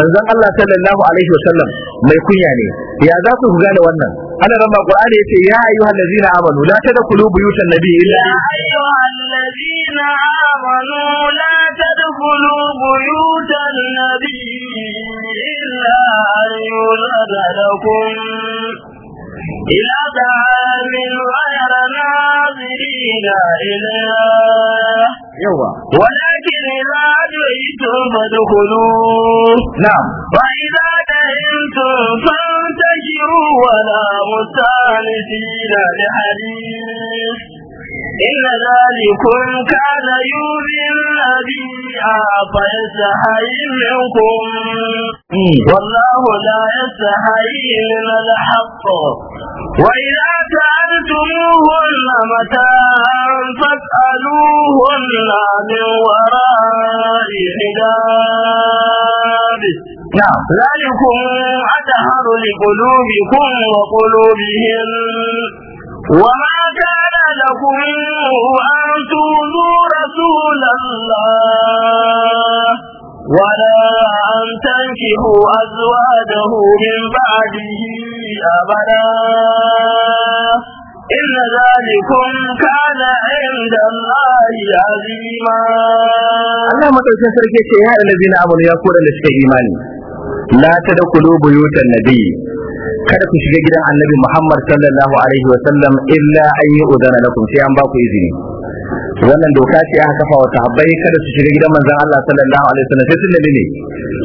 Speaker 4: manzon Allah sallallahu alaihi wa sallam mai kunya ne ya za ku gane wannan ana rama qur'ani yace ya ayyuhal ladzina amanu la tadkhulu buyutan nabiy illa ya
Speaker 3: ayyuhal ladzina amanu la tadkhulu buyutan nabiy illa ayyunada lakum إلى طعام غير ناظرين إليه ولكن إذا دعيتم فادخلوه نعم وإذا أنتم فانتشروا ولا مستانسين لحديث إن ذلكم كان يؤذي النبي آه، يستحي منكم والله لا يستحي من الحق وإذا سألتموهن متاعا فاسألوهن من وراء حجاب نعم ذلكم أتهر لقلوبكم وقلوبهم وما كان لكم أن تؤذوا رسول الله ولا أن تنكحوا أزواجه من بعده أبدا إن ذلكم كان عند الله عظيما
Speaker 4: الله مدرسة سركي يا الذين آمنوا يقول لك إيماني لا تدخلوا بيوت النبي kada ku shiga gidan annabi Muhammad sallallahu alaihi wa sallam illa an yi udana lakum sai an ba ku izini wannan doka ce aka kafa wa sahabbai kada su shiga gidan manzon Allah sallallahu alaihi sallam sai sun nemi ne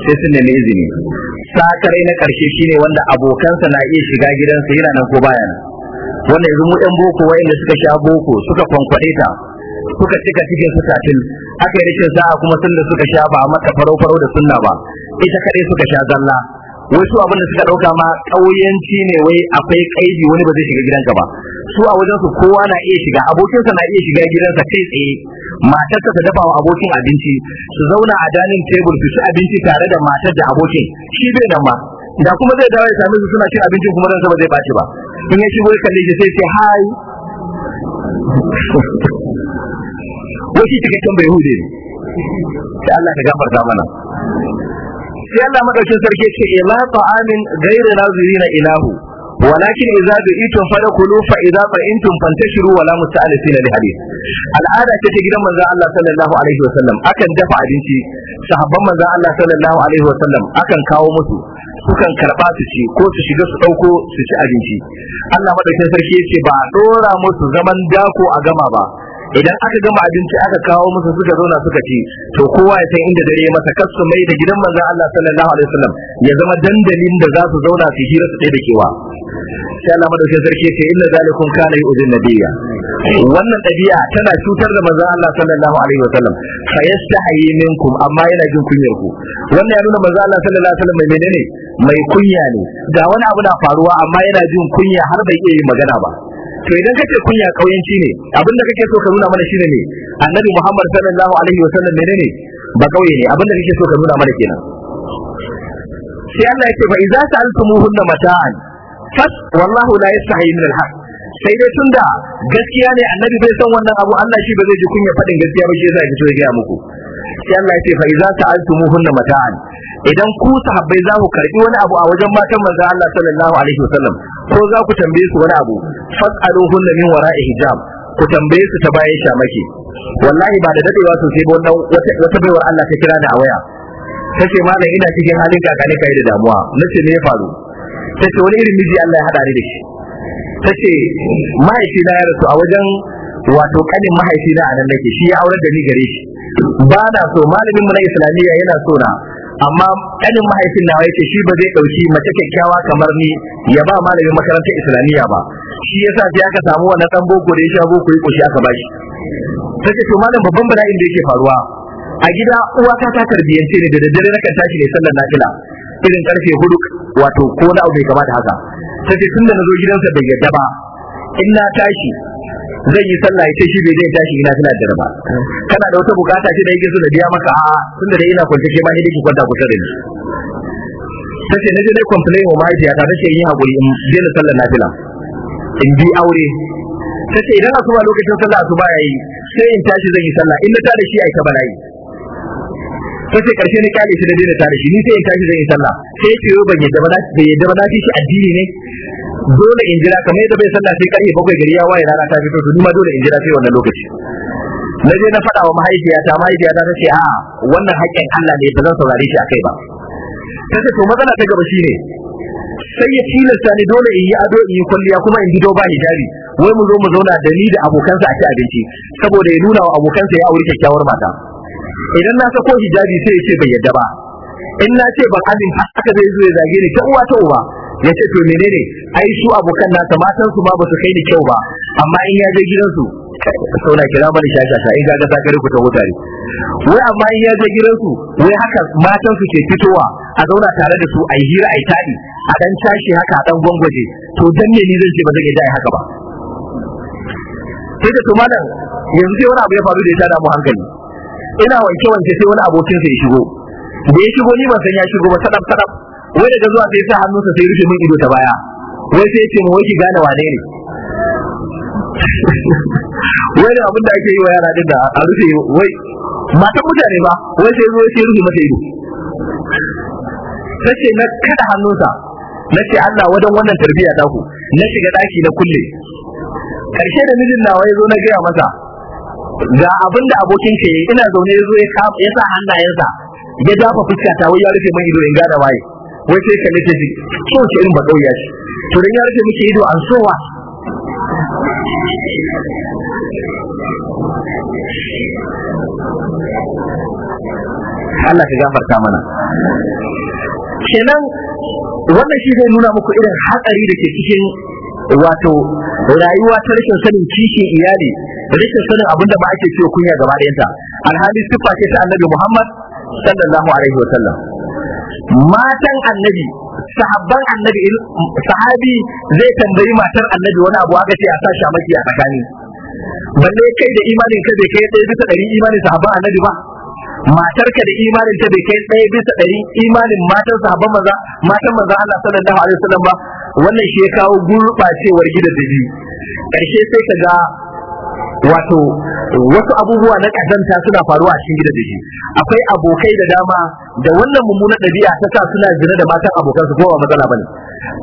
Speaker 4: sai sun nemi izini sakarai na karshe shine wanda abokansa na iya shiga gidansa yana nan ko baya nan wannan yanzu mu ɗan boko wayanda suka sha boko suka kwankwaɗe ta suka cika cikin su aka yi rashin sa'a kuma sun da suka sha ba mata farau farau da sunna ba ita kadai suka sha zalla wasu abin da suka dauka ma kauyanci ne wai akwai kaidi wani ba zai shiga gidanka ba su a wajen su kowa na iya shiga abokinsa na iya shiga gidansa kai tsaye matarsa ta dafa wa abokin abinci su zauna a dining table su ci abinci tare da matar da abokin shi bai nan ma da kuma zai dawo ya same su suna cin abincin kuma ransa ba zai baci ba in ya shigo ya kalle shi sai ce hai wai shi cikakken bai hude ne sai Allah ka gafarta mana sai Allah madaukin sarki ce ila ta'amin ghairi razirina ilahu walakin fa ولكن fa دعيتم فدخلوا فإذا طئنتم فانتشروا ولا مستأنسين لحديث Al'ada ce gidan manzon Allah sallallahu alaihi wasallam akan dafa abinci sahabban manzon Allah sallallahu alaihi wasallam akan kawo musu sukan karba su ci ko su shiga su dauko su ci abinci Allah madaukakin sarki ce ba dora musu zaman dako a gama ba idan aka gama abinci aka kawo musu suka zauna suka ci to kowa ya san inda dare masa kasu mai da gidan manzon Allah sallallahu alaihi wasallam ya zama dandalin da za su zauna su hira su da kewa sai Allah madaukakin sarki ce inna zalikum kana yu'zin nabiyya wannan dabi'a tana cutar da manzon Allah sallallahu alaihi wasallam fayastahi minkum amma yana jin kunyar ku wannan ya nuna manzon Allah sallallahu alaihi wasallam mai menene mai kunya ne ga wani abu na faruwa amma yana jin kunya har bai iya yin magana ba to idan kace kunya kauyanci ne abinda kake so ka nuna mana shine ne annabi Muhammad sallallahu alaihi wasallam menene ba kauye ne abinda kake so ka nuna mana kenan sai Allah ya ce fa idza sa'altumuhunna mata'an fas wallahu la yastahi min al-haq sai dai tunda gaskiya ne annabi bai san wannan abu Allah shi ba zai ji kunya fadin gaskiya ba shi yasa ya fito ya gaya muku sai Allah ya ce fa idza sa'altumuhunna mata'an idan ku sahabbai za ku karbi wani abu a wajen matan manzon Allah sallallahu alaihi wasallam ko za ku tambaye su wani abu fas'aluhun min wara'i hijab ku tambaye su ta bayan shamaki wallahi ba da dadewa sosai ba wannan wata baiwa Allah ta kira ni a waya ce malam ina cikin halin kakani kai da damuwa nace me ya faru ce wani irin miji Allah ya hada ni da shi ce mahaifina ya rasu a wajen wato kanin mahaifina a nan nake shi ya aurar da ni gare shi ba na so malamin mu na islamiyya yana so na amma kanin mahaifin nawa yake shi ba zai dauki mace kyakkyawa kamar ni ya ba malamin makarantar islamiyya ba shi yasa sai aka samu wannan dan boko da ya sha boko koshi aka bashi sai to malam babban bala'in da yake faruwa a gida uwata ta tarbiyyance ne da daddare na kan tashi ne sallar nafila irin karfe hudu wato ko na abu bai kama haka sai tun da nazo gidansa bai yadda ba in na tashi zai yi sallah ya ce shi bai zai tashi ina tana da raba kana da wata bukata shi da yake so da biya maka a tunda da ina kwance ke ma ne dake kwanta kusa da ni tace na je na complain wa mahaifiyata tace yin hakuri in je na sallar nafila in bi aure tace idan asuba lokacin sallah asuba yayi sai in tashi zan yi sallah in na tada shi ai ta bala'i tace karshe na kyale shi da daina tare shi ni sai in tashi zan yi sallah sai ce ban yadda ba bai yadda ba shi addini ne dole in jira kamar yadda bai sallah sai karfe bakwai gari ya waye rana fito to ni ma dole in jira sai wannan lokaci na je na faɗa wa mahaifiyata mahaifiyata ta ce a wannan haƙƙin Allah ne ba zan saurare shi akai ba ta ce to matsala ta gaba shine sai ya tilasta ni dole in yi ado in yi kwalliya kuma in gido ba ni jari wai mu zo mu zauna da ni da abokansa a ci abinci saboda ya nuna wa abokansa ya aure kyakkyawar mata idan na sako hijabi sai ya ce bai yadda ba in na ce ban aminta haka zai zo ya zage ni ta uwa ta uwa. ya ce to menene ai su abokan nasa matan su ba su kai ni kyau ba amma in ya je gidansu na kira mana shashasha in ga ga gare ku ta huta ne wai amma in ya je gidansu wai haka matan su ke fitowa a zauna tare da su a yi hira a yi tadi a dan tashi haka a dan gwangwaje to dan ne ni zan ce ba zan yi haka ba sai da to malam yanzu sai wani abu ya faru da ya tada mu hankali ina wanke wanke sai wani abokin sa ya shigo da ya shigo ni ban san ya shigo ba sadaf sadaf wai daga zuwa sai sa hannunsa sai rufe min ido ta baya wai sai ce mu wai ki gane wane ne wai da abin da ake yi wa yara din da a rufe wai matan mutane ba wai sai zuwa sai rufe mata ido ce na kada hannunsa na ce Allah wajen wannan tarbiyya ta na shiga daki na kulle karshe da mijin nawa ya zo na gaya masa ga abin da abokin ke ina zaune ya zo ya sa hannayensa ya dafa fuska ta wai ya rufe min ido in gane waye wai sai kame ta ji so ce in ba kauya ce to dan ya rufe muke ido an sowa Allah ka gafarta mana kenan wannan shi zai nuna muku irin hatsari da ke cikin wato rayuwa ta rashin sanin kishin iyali rashin sanin abin da ba ake ce kunya gaba ɗayanta alhali siffa ce ta annabi Muhammad sallallahu alaihi wa sallam matan annabi sahabban annabi sahabi zai tambayi matar annabi wani abu aka ce a sa shi a maki a tsakani balle kai da imanin ka bai kai ɗaya bisa ɗari imanin sahabban annabi ba matar ka da imanin ta bai kai ɗaya bisa ɗari imanin matar sahabban maza matan maza Allah sallallahu alaihi wasallam ba wannan shi ya kawo gurɓacewar gidan da biyu ƙarshe sai ka ga wato wasu abubuwa na kazanta suna faruwa a cikin gidan da shi akwai abokai da dama da wannan mummunan ɗabi'a ta sa suna zina da matan abokansu ko ba matsala bane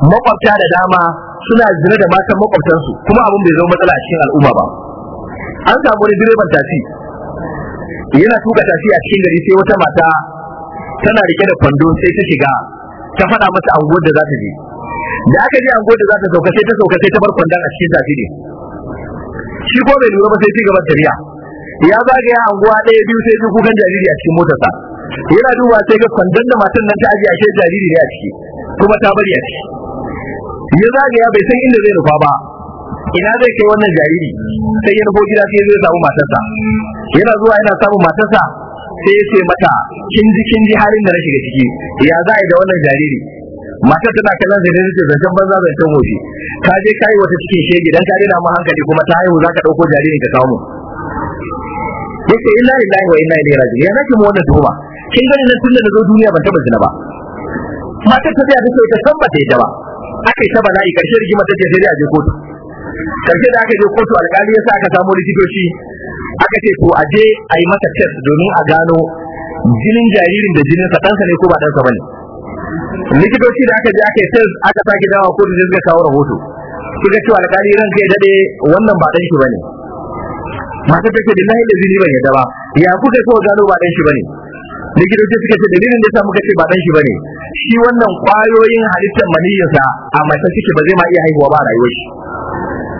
Speaker 4: makwabta da dama suna zina da matan makwabtansu kuma abin bai zama matsala a cikin al'umma ba an samu wani direban tafi yana tuka tafi a cikin gari sai wata mata tana rike da kwando sai ta shiga ta faɗa masa anguwar da za ta je da aka je anguwar da za ta sauka sai ta sauka sai ta bar kwandon a cikin tafi ne shi ko bai lura ba sai ci gaba tafiya ya zagaya anguwa ɗaya biyu sai ji kukan jariri a cikin motarsa yana duba sai ga kwandon da matan nan ta ajiya cikin jariri ne a ciki kuma ta bari a ciki ya ya bai san inda zai nufa ba ina zai kai wannan jariri sai ya nufo gida sai zai samu matarsa yana zuwa yana samun matarsa sai ya ce mata kin ji kin ji halin da na da ciki ya za a da wannan jariri matar tana kallon sai dai zancen banza zancen hoshi ka je kai wata cikin shege dan ka hankali kuma ta haihu zaka dauko jariri ka kawo mu yace inna lillahi wa inna ilaihi raji'un ya nake mu wannan tuhuma kin gani na tunda da zo duniya ban taba zina ba matar ta tsaya da ta san ba ta yadda ba aka yi ta bala'i karshe rigima ta ce sai a je kotu karshe da aka je kotu alƙali ya sa aka samu likitoci aka ce to a je a yi masa test domin a gano jinin jaririn da jininsa ɗansa ne ko ba ɗansa ba ne likitoci da aka je aka yi test aka sake dawa ko da zai kawo rahoto suka cewa alƙali ran kai dade wannan ba dan shi bane mata take da lahi da zini ban yadda ba ya kuka ko gano ba dan shi bane likitoci suka ce dalilin da sa muka ce ba dan shi bane shi wannan kwayoyin halittar maniyyarsa a mai take ba zai ma iya haihuwa ba rayuwar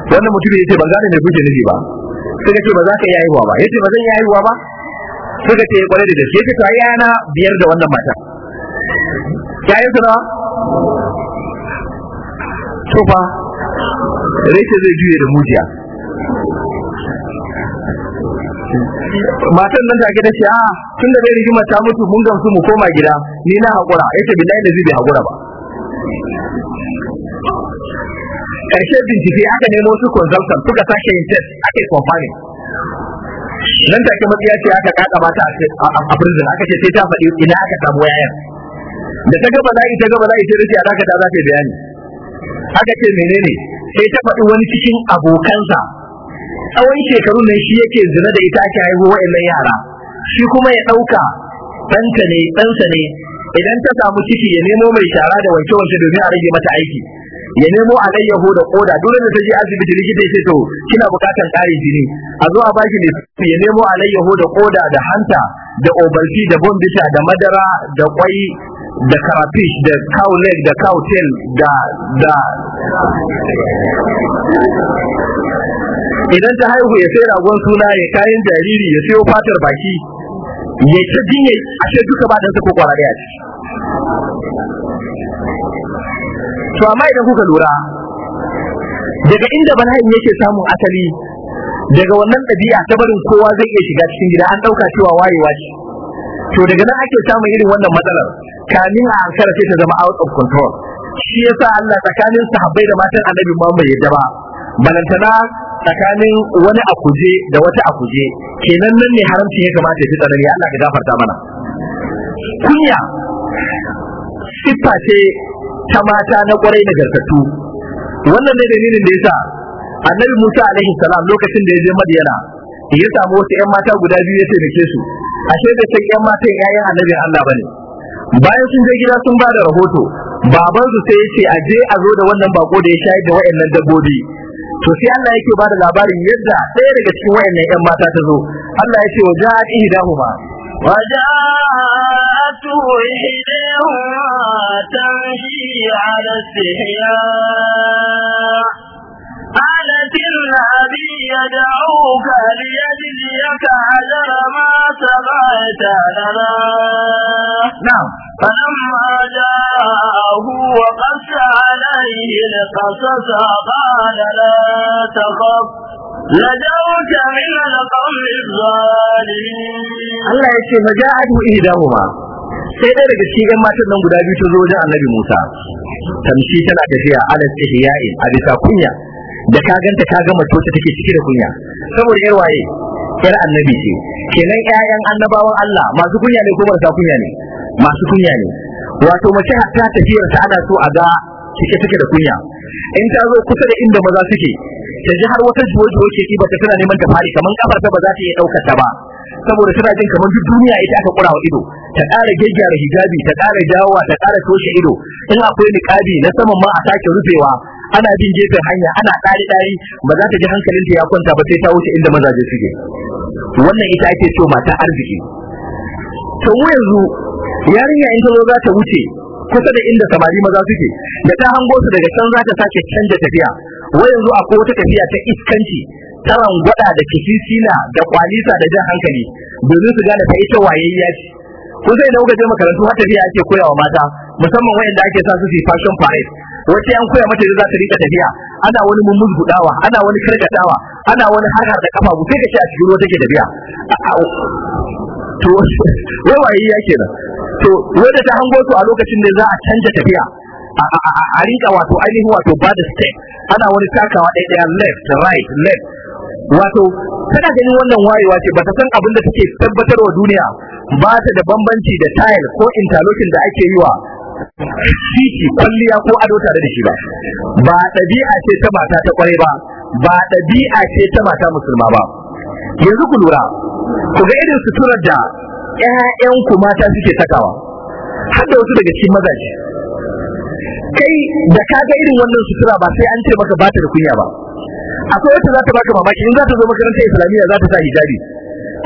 Speaker 4: shi wannan mutum ce ban gane mai kuke nufi ba suka ce ba za ka iya haihuwa ba yace ba zan iya haihuwa ba suka ce kware da ya ce to ayyana biyar da wannan mata ƴaƴan su na to zai juye da mujiya matan nan take da ce a ah, tun da bai rigima ta mutu mun gamsu mu koma gida ni na hakura yace billahi da zai hakura ba karshe bincike aka nemo su consultant suka sake yin test ake company nan take matsiya ce aka kaka mata a prison aka ce sai ta faɗi ina aka samu yayan da ta ga bala'i ta ga bala'i sai rufe alaka ta za ta bayani aka ce menene sai ta faɗi wani cikin abokansa tsawon shekaru na shi yake zina da ita ake haihuwa wa'annan yara shi kuma ya ɗauka ɗansa ne ɗansa ne idan ta samu ciki ya nemo mai shara da wanke-wanke domin a rage mata aiki ya nemo alayyahu da koda dole da ta ji asibiti likita ya ce to kina bukatar ƙarin jini a zo a baki ne ya nemo alayyahu da koda da hanta da obalti da bombisa da madara da kwai da carapace da cow leg da cow tail da da idan ta haihu ya sai ragon suna ya kayan jariri ya sayo fatar baki ya ta jinye ce duka ba dan suka kwara daya to amma idan kuka lura daga inda bala'in yake samun asali daga wannan ɗabi'a ta barin kowa zai iya shiga cikin gida an ɗauka cewa wayewa ce to daga nan ake samun irin wannan matsalar kamin a ankara sai ta zama out of control shi yasa Allah tsakanin sahabbai da matan annabi Muhammad ya jaba balantana tsakanin wani akuje da wata akuje kenan nan ne haramci ya kamata ya tsanani Allah ya gafarta mana kunya siffa ce ta mata na kwarai nagartattu wannan ne dalilin da yasa annabi Musa alaihi salam lokacin da ya je Madina ya samu wasu 'yan mata guda biyu ya taimake su ashe da ta yan matan yayan annabi Allah bane bayan sun je gida sun bada rahoto baban su sai yace a je a zo da wannan bako da ya shayar da wayannan dabbobi to sai Allah yake ba da labarin yadda ɗaya daga cikin wayannan yan mata ta zo Allah yake wa ja'at ihdahuma
Speaker 3: وجاءته إحداهما تمشي على استحياء قالت يدعوك ليجزيك أجر ما سقيت لنا نعم فلما جاءه وقص عليه القصص قال لا تخف لجوت من القوم الظالمين
Speaker 4: الله يكفي فجاءته إهداهما sai ɗaya daga cikin ƴan matan nan guda biyu ta zo wajen annabi Musa tamshi tana tafiya ala ihya'in a bisa kunya da ka ganta ka ga mace wacce take cike da kunya saboda yar waye yar annabi ce kenan ƴaƴan annabawan Allah masu kunya ne ko marasa kunya ne masu kunya ne wato mace ta tafiyar ta ana so a ga cike take da kunya in ta zo kusa da inda maza suke ta ji har wata jiwo-jiwo ke ki bata tana neman ta fari kamar kafar ta ba za ta iya ɗaukar ta ba saboda tana jin kamar duk duniya ita aka kura wa ido ta ƙara gyaggyara hijabi ta ƙara dawowa ta ƙara toshe ido in akwai niƙabi na saman ma a sake rufewa ana bin gefen hanya ana ɗari ɗari ba za ta ji hankalinta ya kwanta ba sai ta wuce inda mazaje suke wannan ita ake ce mata arziki to yanzu yarinya in ta zo za ta wuce kusa da inda samari maza suke da ta hango su daga can za ta sake canja tafiya wai yanzu akwai wata tafiya ta iskanci ta rangwada da kisisila da kwalisa da jan hankali domin su gane ta ita wayayya ce kun sai da kuka je makarantu har tafiya ake koyawa mata musamman wayanda ake sa su su fashion parade wace an koya mata da za ta rika tafiya ana wani mummun gudawa ana wani karkatawa ana wani haka da kafa mu sai ka ce a cikin wata ke tafiya to wai waye ya ke nan? to wanda ta hango su a lokacin da za a canja tafiya a rika wato ainihin wato ba da step ana wani takawa ɗaya ɗaya left right left wato kana ganin wannan wayewa ce ba ta san abin da take tabbatarwa duniya ba ta da bambanci da tile ko interlocking da ake yi wa ciki kwalliya ko ado tare da shi ba ba ɗabi'a ce ta mata ta kwarai ba ba ɗabi'a ce ta mata musulma ba yanzu ku lura ku ga irin suturar da 'ya'yanku mata suke sakawa har wasu daga cikin mazaje kai da ka ga irin wannan sutura ba sai an ce maka ba ta da kunya ba akwai wata za ta baka mamaki in za ta zo makarantar islamiyya za ta sa hijabi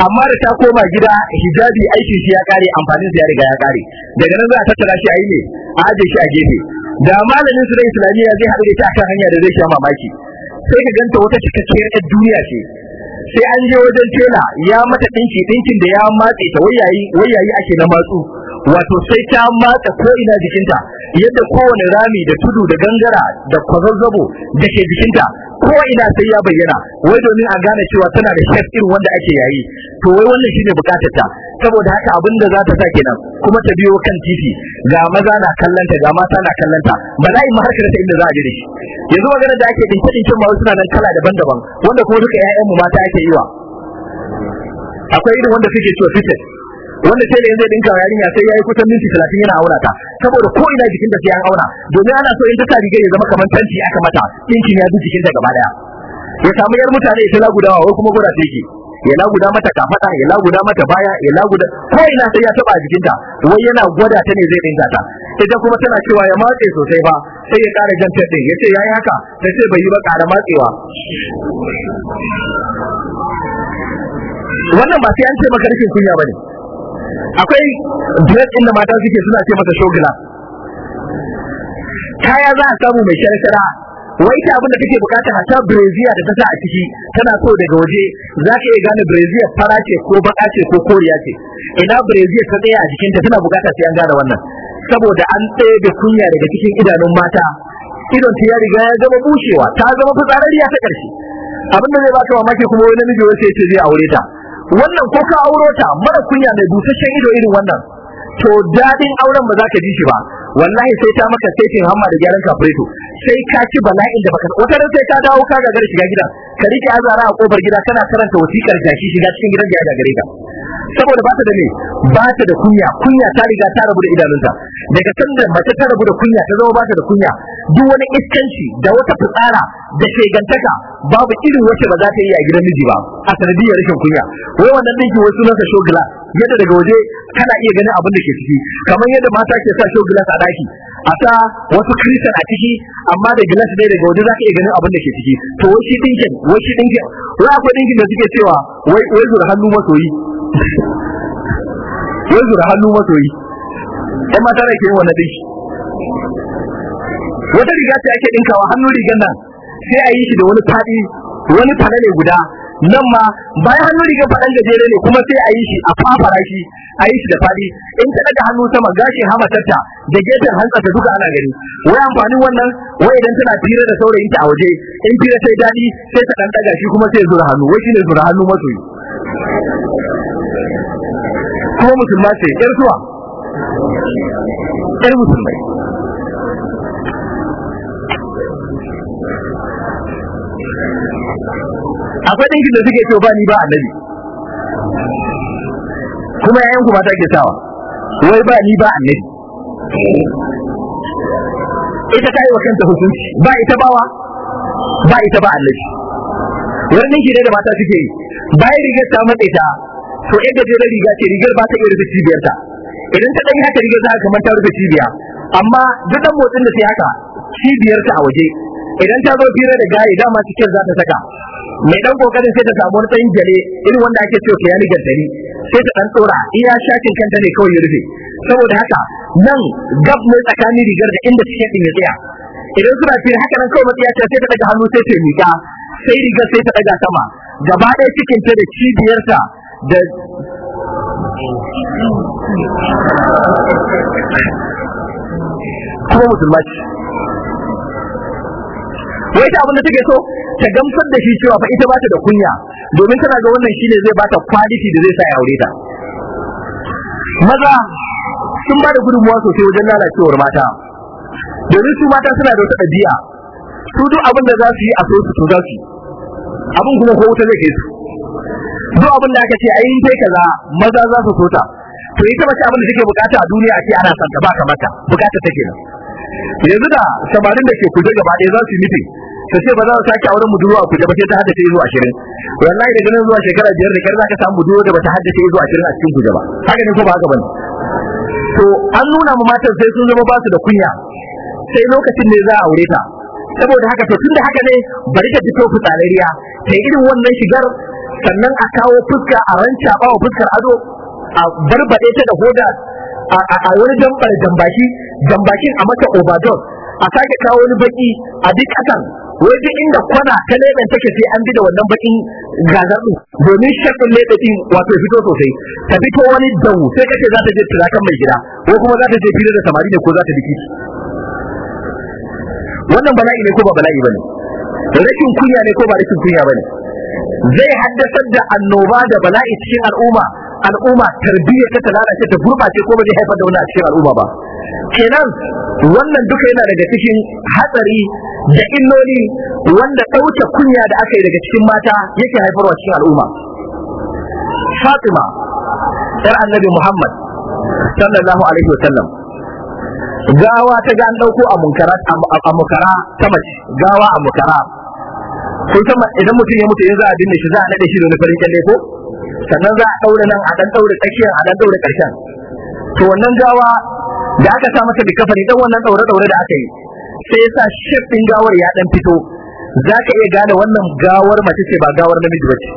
Speaker 4: amma da ta koma gida hijabi aikin shi ya kare amfanin ya riga ya kare daga nan za a tattara shi a yi ne a aje shi a gefe da malamin su da islamiyya zai haɗu da ta kan hanya da zai sha mamaki sai ka ganta wata cikakkiyar yar duniya ce sai an je wajen tela ya mata ɗinki ɗinkin da ya matse ta wayayi ake na matsu wato sai ta matsa ko ina jikinta yadda kowane rami da tudu da gangara da kwazazzabo da ke jikinta ko ina sai ya bayyana wai domin a gane cewa tana da shek irin wanda ake yayi to wai wannan shine bukatar ta saboda haka abin da za ta sa nan, kuma ta biyo kan titi ga maza na kallanta ga mata na kallanta bala'i ma harkar ta inda za a je shi yanzu magana da ake dinke dinke ma suna nan kala daban-daban wanda kuma duka ƴaƴan mu mata ake yi wa akwai irin wanda kake cewa fitet wanda sai da yanzu dinka yarinya sai yayi kusan minti 30 yana aura ta saboda ko ina jikin da sai an aura domin ana so in ta tarige ya zama kamar tanti aka mata dinkin ya bi jikin da gaba daya ya samu yar mutane ya tala gudawa wa kuma gura take ya laguda mata kafada ya laguda mata baya ya laguda ko ina sai ya taba jikinta wai yana gwada ta ne zai dinka ta ita kuma tana cewa ya matse sosai ba sai ya kara jan ya din yace yayi haka sai sai bai yi ba kara matsewa wannan ba sai an ce maka rikin kunya bane akwai dress din mata suke suna ce masa shogula kaya za a samu mai shara wai ta abin da kake bukata a ta breziya da ta sa a ciki tana so daga waje za ka iya gane breziya fara ce ko baka ce ko koriya ce ina breziya ta tsaya a jikinta tana bukata sai an gane wannan saboda an tsaye da kunya daga cikin idanun mata idon ta ya riga ya zama bushewa ta zama fitsararriya ta karshe abin da zai baka mamaki kuma wani namiji wasu ya ce zai aure ta wannan ko ka auro ta mara kunya mai busasshen ido irin wannan to dadin auren ba za ka ji shi ba wallahi sai ta maka saitin hamma da gyaran kafireto sai ka ci bala'in da baka wata ran sai ka dawo ka gagar shiga gida ka rike azara a kofar gida kana karanta wasikar jashi shiga cikin gidan da ya gagare ka saboda ba ta da me ba ta da kunya kunya ta riga ta rabu da idanunta daga sanda mace ta rabu da kunya ta zama ba ta da kunya duk wani iskanci da wata fitsara da shegantaka babu irin wacce ba za ta yi a gidan miji ba a sanadiyar rashin kunya wai wannan dinki wasu nasa shogila yadda daga waje kana iya ganin abin da ke ciki kamar yadda mata ke sa shogila a daki a sa wasu kristan a ciki amma da gilas ne daga waje za ka iya ganin abin da ke ciki to wai shi dinkin wai shi dinkin wai akwai dinkin da suke cewa wai wai zura hannu masoyi wai zura hannu masoyi ɗan mata da ke yin wannan dinki wata riga ce ake dinkawa hannu rigan nan sai a yi shi da wani fadi wani falale guda nan ma bayan hannu rigar faɗan gajere ne kuma sai a yi shi a fafara shi a yi shi da faɗi in ka daga hannu sama gashin hamatarta da gefen hantsarta duka ana gani wai amfanin wannan wai idan tana fira da saurayinta a waje in fira sai daɗi sai ta ɗan daga shi kuma sai zura hannu wai shine zura hannu masoyi kuma musulma ce ƴar suwa ƴar musulmai akwai ɗinkin da suke ce ba ni ba annabi kuma yayanku mata ke sawa wai ba ni ba annabi ita ta yi wa kanta hukunci ba ita bawa ba ita ba annabi wani ɗinki ne da mata suke yi bayan rigar ta matse ta to yadda ta riga ce rigar ba ta iya rufe cibiyarta idan ta ɗan yi haka rigar ta kamar ta rufe cibiya amma duk ɗan motsin da ta yi haka cibiyarta a waje idan ta zo fira da gaye dama cikin za ta saka mai dan kokarin sai ta samu wani tsayin jale irin wanda ake cewa ke yani gantari sai ta dan tsora iya shakin kanta ne kawai ya rufe saboda haka nan gab mai tsakanin rigar da inda cikin din tsaya idan suna fira haka nan kawai matsiya sai ta daga hannu sai ta mika sai rigar sai ta daga sama gaba ɗaya cikin ta da cibiyarta da kuma musulma wai ta abin da take so ta gamsar da shi cewa fa ita ba ta da kunya domin tana ga wannan shine zai ba ta quality da zai sa ya aure ta maza sun ba da gudunmuwa sosai wajen lalacewar mata domin su mata suna da wata ɗabi'a su duk abin da za su yi a so su to za su abin kuma ko wuta zai su duk abin da aka ce ai in kai kaza maza za su so ta to ita mace abin da take bukata a duniya a ce ana son ta ba ka mata bukata take nan yanzu da samarin da ke kuje gaba ɗaya za su yi mitin ta ce ba za ta sake auren budurwa a kuje ba sai ta haddace zuwa ashirin. wallahi da ganin zuwa shekara biyar da kyar ka samu budurwa da ba ta haddace zuwa ashirin a cikin kuje ba haka ne ko ba haka ne to an nuna mu matan sai sun zama ba su da kunya sai lokacin ne za a aure ta saboda haka to tunda haka ne bari ta fito fitsarariya ta irin wannan shigar sannan a kawo fuska a ba wa fuskar ado a barbaɗe ta da hoda a wani jambar jambaki, jambakin a mata obadon a sake kawo wani baki a duk kasan wai duk inda kwana ta leɓen take sai an bi da wannan bakin gagaɗu domin shakun leɓe ɗin wato fito sosai ta fito wani dawu sai kace za ta je tirakan mai gida ko kuma za ta je filin da samari ne ko za ta biki wannan bala'i ne ko ba bala'i bane rashin kunya ne ko ba rashin kunya bane zai haddasar da annoba da bala'i cikin al'umma al'umma tarbiyya ta lalace ta gurbace ko ba zai haifar da wani a cikin al'umma ba kenan wannan duka yana daga cikin hatsari da illoli wanda ɗauke kunya da aka yi daga cikin mata yake haifarwa cikin al'umma fatima yar annabi muhammad sallallahu alaihi wa sallam gawa ta ga an ɗauko a munkara mukara ta mace gawa a mukara kun san idan mutum ya mutu yanzu za a binne shi za a nade shi da farin kyalle ko sannan za a ɗaure nan a ɗan ɗaure tsakiyar a ɗan ɗaure ƙarshen to wannan gawa da aka sa masa ne dan wannan daure daure da aka yi sai ya sa shef gawar ya dan fito zaka iya gane wannan gawar mace ce ba gawar namiji bace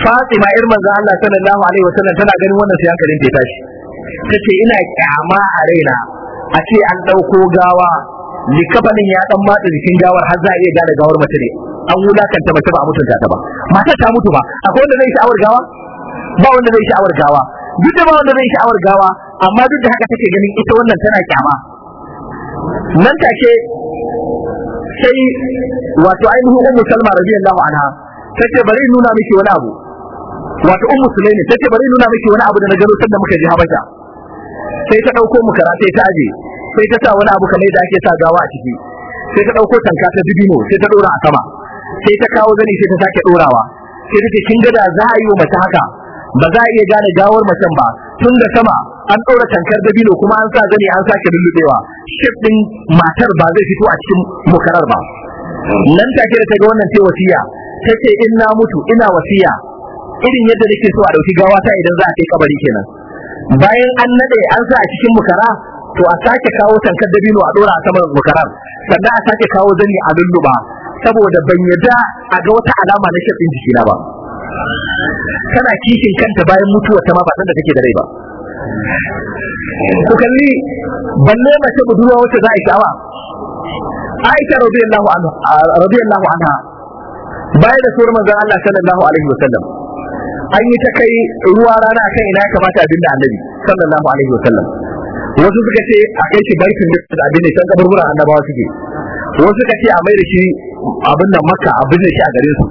Speaker 4: Fatima ir manzo Allah sallallahu alaihi wasallam tana ganin wannan sai hankalin ta tashi tace ina kyama a raina a ce an dauko gawa likafanin ya dan matsa jikin gawar har za a iya gane gawar mace ne an wulakanta mace ba a mutunta ta ba mata ta mutu ba akwai wanda zai sha'awar gawa ba wanda zai sha'awar gawa duk da ba wanda zai sha'awar gawa amma duk da haka take ganin ita wannan tana kyama nan take sai wato ainihin ummu salma radiyallahu anha ce bari nuna miki wani abu wato ummu sulaimi ce bari nuna miki wani abu da na gano sanda muka je habasha sai ta dauko mu kara sai ta aje sai ta sa wani abu kamar da ake sa gawa a ciki sai ta dauko tanka ta dibino sai ta dora a sama sai ta kawo zani sai ta sake dorawa sai ta ce kin gada za a yi wa mace haka ba za a iya gane gawar macen ba tun da sama an ɗaura tankar dabino kuma an sa zane an sake lullubewa shef ɗin matar ba zai fito a cikin mukarar ba nan take da ta ga wannan ce wasiya ta ce in na mutu ina wasiya irin yadda nake so a ɗauki gawa ta idan za a kai kabari kenan bayan an naɗe an sa a cikin mukara to a sake kawo tankar dabino a ɗora a saman mukarar sannan a sake kawo zane a lulluba saboda ban yadda a ga wata alama na shafin jikina ba kana kishin kanta bayan mutuwa ta ma ba da take da rai ba ku kalli balle mace budurwa wacce za a yi sha'awa Aisha radiyallahu anha radiyallahu anha bayan da sura manzon Allah sallallahu alaihi wasallam an yi ta kai ruwa rana kan ina kamata abin da annabi sallallahu alaihi wasallam wasu suka ce a kai shi barkin da abin ne can kaburburan annabawa suke wasu suka ce a mai da shi abin nan maka abin da shi a gare su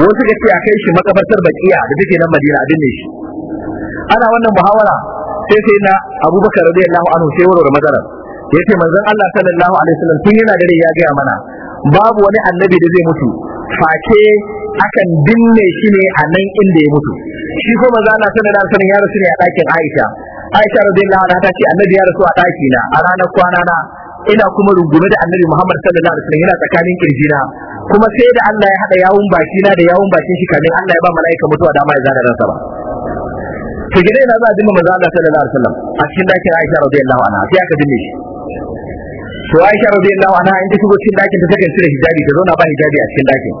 Speaker 4: wasu ga a kai shi makabartar bakiya da take nan madina a binne shi ana wannan muhawara sai sai na abubakar radiyallahu anhu sai warware matsalar ya ce manzon Allah sallallahu alaihi wasallam tun yana dare ya gaya mana babu wani annabi da zai mutu face akan binne shi ne a nan inda ya mutu shi ko manzon Allah sallallahu alaihi wasallam ya rasu a ɗakin Aisha Aisha radiyallahu anha ta ce annabi ya rasu a ɗaki na a ranar kwana na ina kuma rungume da annabi Muhammad sallallahu alaihi wasallam yana tsakanin kirjina kuma sai da Allah ya hada yawun baki na da yawun bakin shi kamin Allah ya ba mala'ika mutuwa da dama ya zana ransa ba to gidan yana za a dinga manzo Allah sallallahu alaihi wasallam a cikin dakin Aisha radiyallahu anha sai aka dinne shi to Aisha radiyallahu anha in ta shigo cikin dakin ta take cire hijabi ta zauna ba hijabi a cikin dakin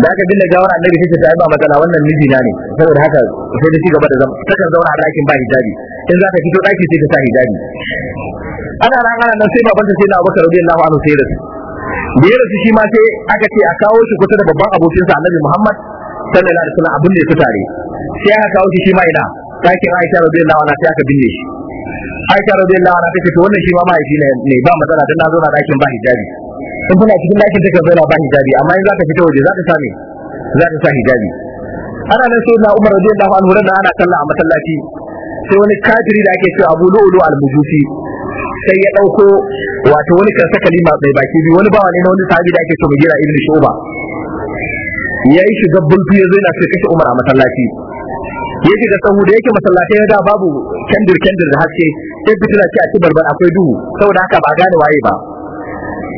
Speaker 4: da aka dinga gawar annabi take ta yi ba matsala wannan miji na ne saboda haka sai da gaba da zama takan zauna a dakin ba hijabi in za ta fito daki sai ta sa hijabi ana nan ana nan sai babanta sai na Abubakar radiyallahu anhu sai da su da ya rasu shi ma sai aka ce a kawo shi kusa da babban abokinsa annabi Muhammad sallallahu alaihi wasallam abin da ya tare sai aka kawo shi shi ma ina dakin Aisha radiyallahu anha sai aka binne shi Aisha radiyallahu anha take to wannan shi ma mahaifi ne ba matsala dan na zo na dakin ba hijabi in kuna cikin dakin take zo na ba hijabi amma in zaka fita waje zaka same zaka sa hijabi ana nan sai na Umar radiyallahu anhu da ana sallah a masallaci sai wani kafiri da ake cewa Abu Lu'lu al-Mujusi sai ya dauko wato wani karsa kalima mai baki biyu wani bawa ne na wani sahabi da ake so mu gira ibnu shuba yayi shiga bulfi zai na sai kashe umar a masallaci yake da sahu da yake masallatai ya da babu kendir kendir da haske sai fitila ce a ci barbar akwai duhu saboda haka ba gane waye ba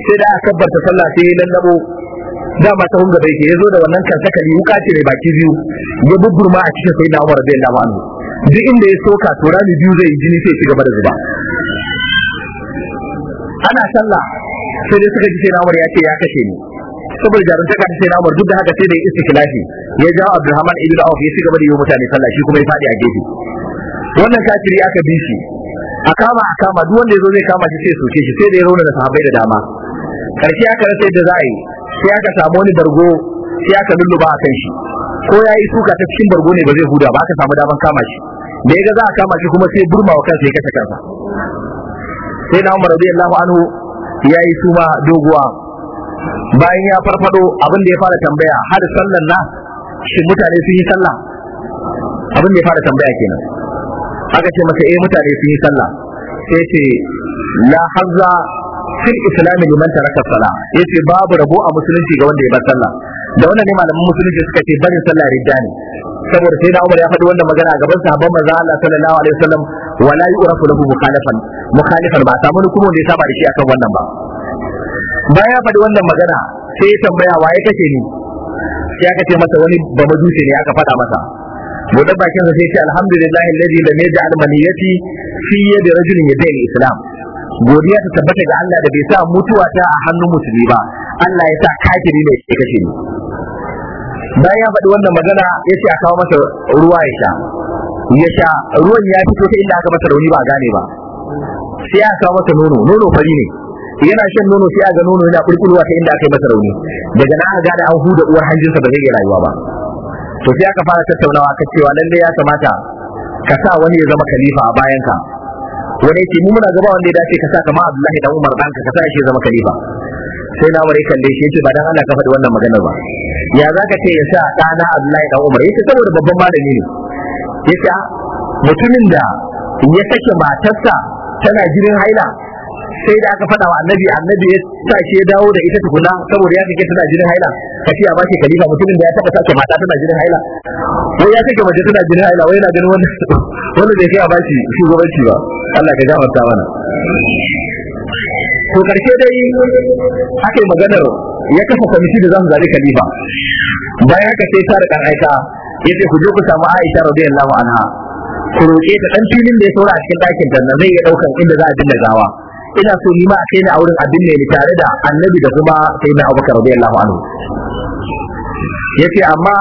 Speaker 4: sai da aka kabbarta sallah sai ya lallabo ma ta hunga bai ya zo da wannan kalima wuka ce mai baki biyu ya bubburma a cikin da Umar da radiyallahu anhu duk inda ya soka to rami biyu zai jini sai ci gaba da zuba ana sallah sai dai suka ji sai Umar ya ce ya kashe ni saboda jarumta ka sai Umar duk da haka sai da istiklafi ya jawo Abdulrahman ibn Auf ya shiga da yi mutane sallah shi kuma ya fadi a gefe wannan kafiri aka bi shi a kama a kama duk wanda yazo zai kama shi sai soke shi sai da ya rauna da sahabbai da dama karshe aka rasa yadda za a yi sai aka samu wani bargo sai aka lulluba a kan shi ko ya yi suka ta cikin bargo ne ba zai huda ba aka samu daman kama shi da ya ga za a kama shi kuma sai burma wa kansa ya kasa kansa sai na umar radiyallahu anhu ya yi suma doguwa bayan ya farfado abin da ya fara tambaya har sallan na shi mutane sun yi sallah abin da ya fara tambaya kenan aka ce masa eh mutane sun yi sallah sai ce la hazza fil islam liman taraka salah yace babu rabo a musulunci ga wanda ya bar sallah da wannan ne malamin musulunci suka ce barin sallah ridda ne saboda sai da Umar ya faɗi wannan magana a gaban sahabban manzo Allah sallallahu alaihi wasallam wala yu'rafu lahu mukhalafan mukhalifan ba samu kuma wanda ya saba da shi akan wannan ba bayan ya faɗi wannan magana sai ya tambaya wa ya kake ni sai aka ce masa wani ba majusi ne aka faɗa masa buɗe bakin sa sai ce alhamdulillahi alladhi lam yaj'al maniyati fi yadi rajulin yadayil islam godiya ta tabbata ga Allah da bai sa mutuwa ta a hannun musulmi ba Allah ya sa kafiri ne ya kashe ni bayan ya faɗi wannan magana ya ce a kawo masa ruwa ya sha ya sha ruwan ya fito ta inda aka masa rauni ba gane ba sai aka samu ta nono nono fari ne yana shan nono sai ga nono yana kulkulwa ta inda aka yi masa rauni daga nan aka gane an huda uwar hanjinsa ba zai rayuwa ba to sai aka fara tattaunawa aka cewa lalle ya kamata ka sa wani ya zama khalifa a bayan ka. wani ke mu muna gaba wanda ya dace ka sa kamar Abdullahi dan Umar dan ka sa shi zama khalifa sai na wari kalle shi yace ba dan Allah ka faɗi wannan maganar ba ya zaka ce ya sa ɗana Abdullahi dan Umar yace saboda babban malami ne yace mutumin da ya take matarsa tana jirin haila sai da aka faɗa wa annabi annabi ya tashi ya dawo da ita tukuna saboda ya kake tana jirin haila fiya ya ke khalifa mutumin da ya taba sake mata tana jirin haila wai ya kake mace tana jirin haila wai yana ganin wannan da ya ke a bashi shugabanci ba Allah ka gafarta mana to karshe dai aka yi maganar ya kafa kwamiti da za mu zaɓi khalifa bayan ka sai tare ɗan aika yace ku je ku samu Aisha radiyallahu anha ku roƙe ta dan filin da ya saura a cikin ɗakin da zai iya daukan inda za a dinga gawa ina so ni ma a kai ni a wurin abin ne tare da annabi da kuma sai na Abubakar radiyallahu anhu yace amma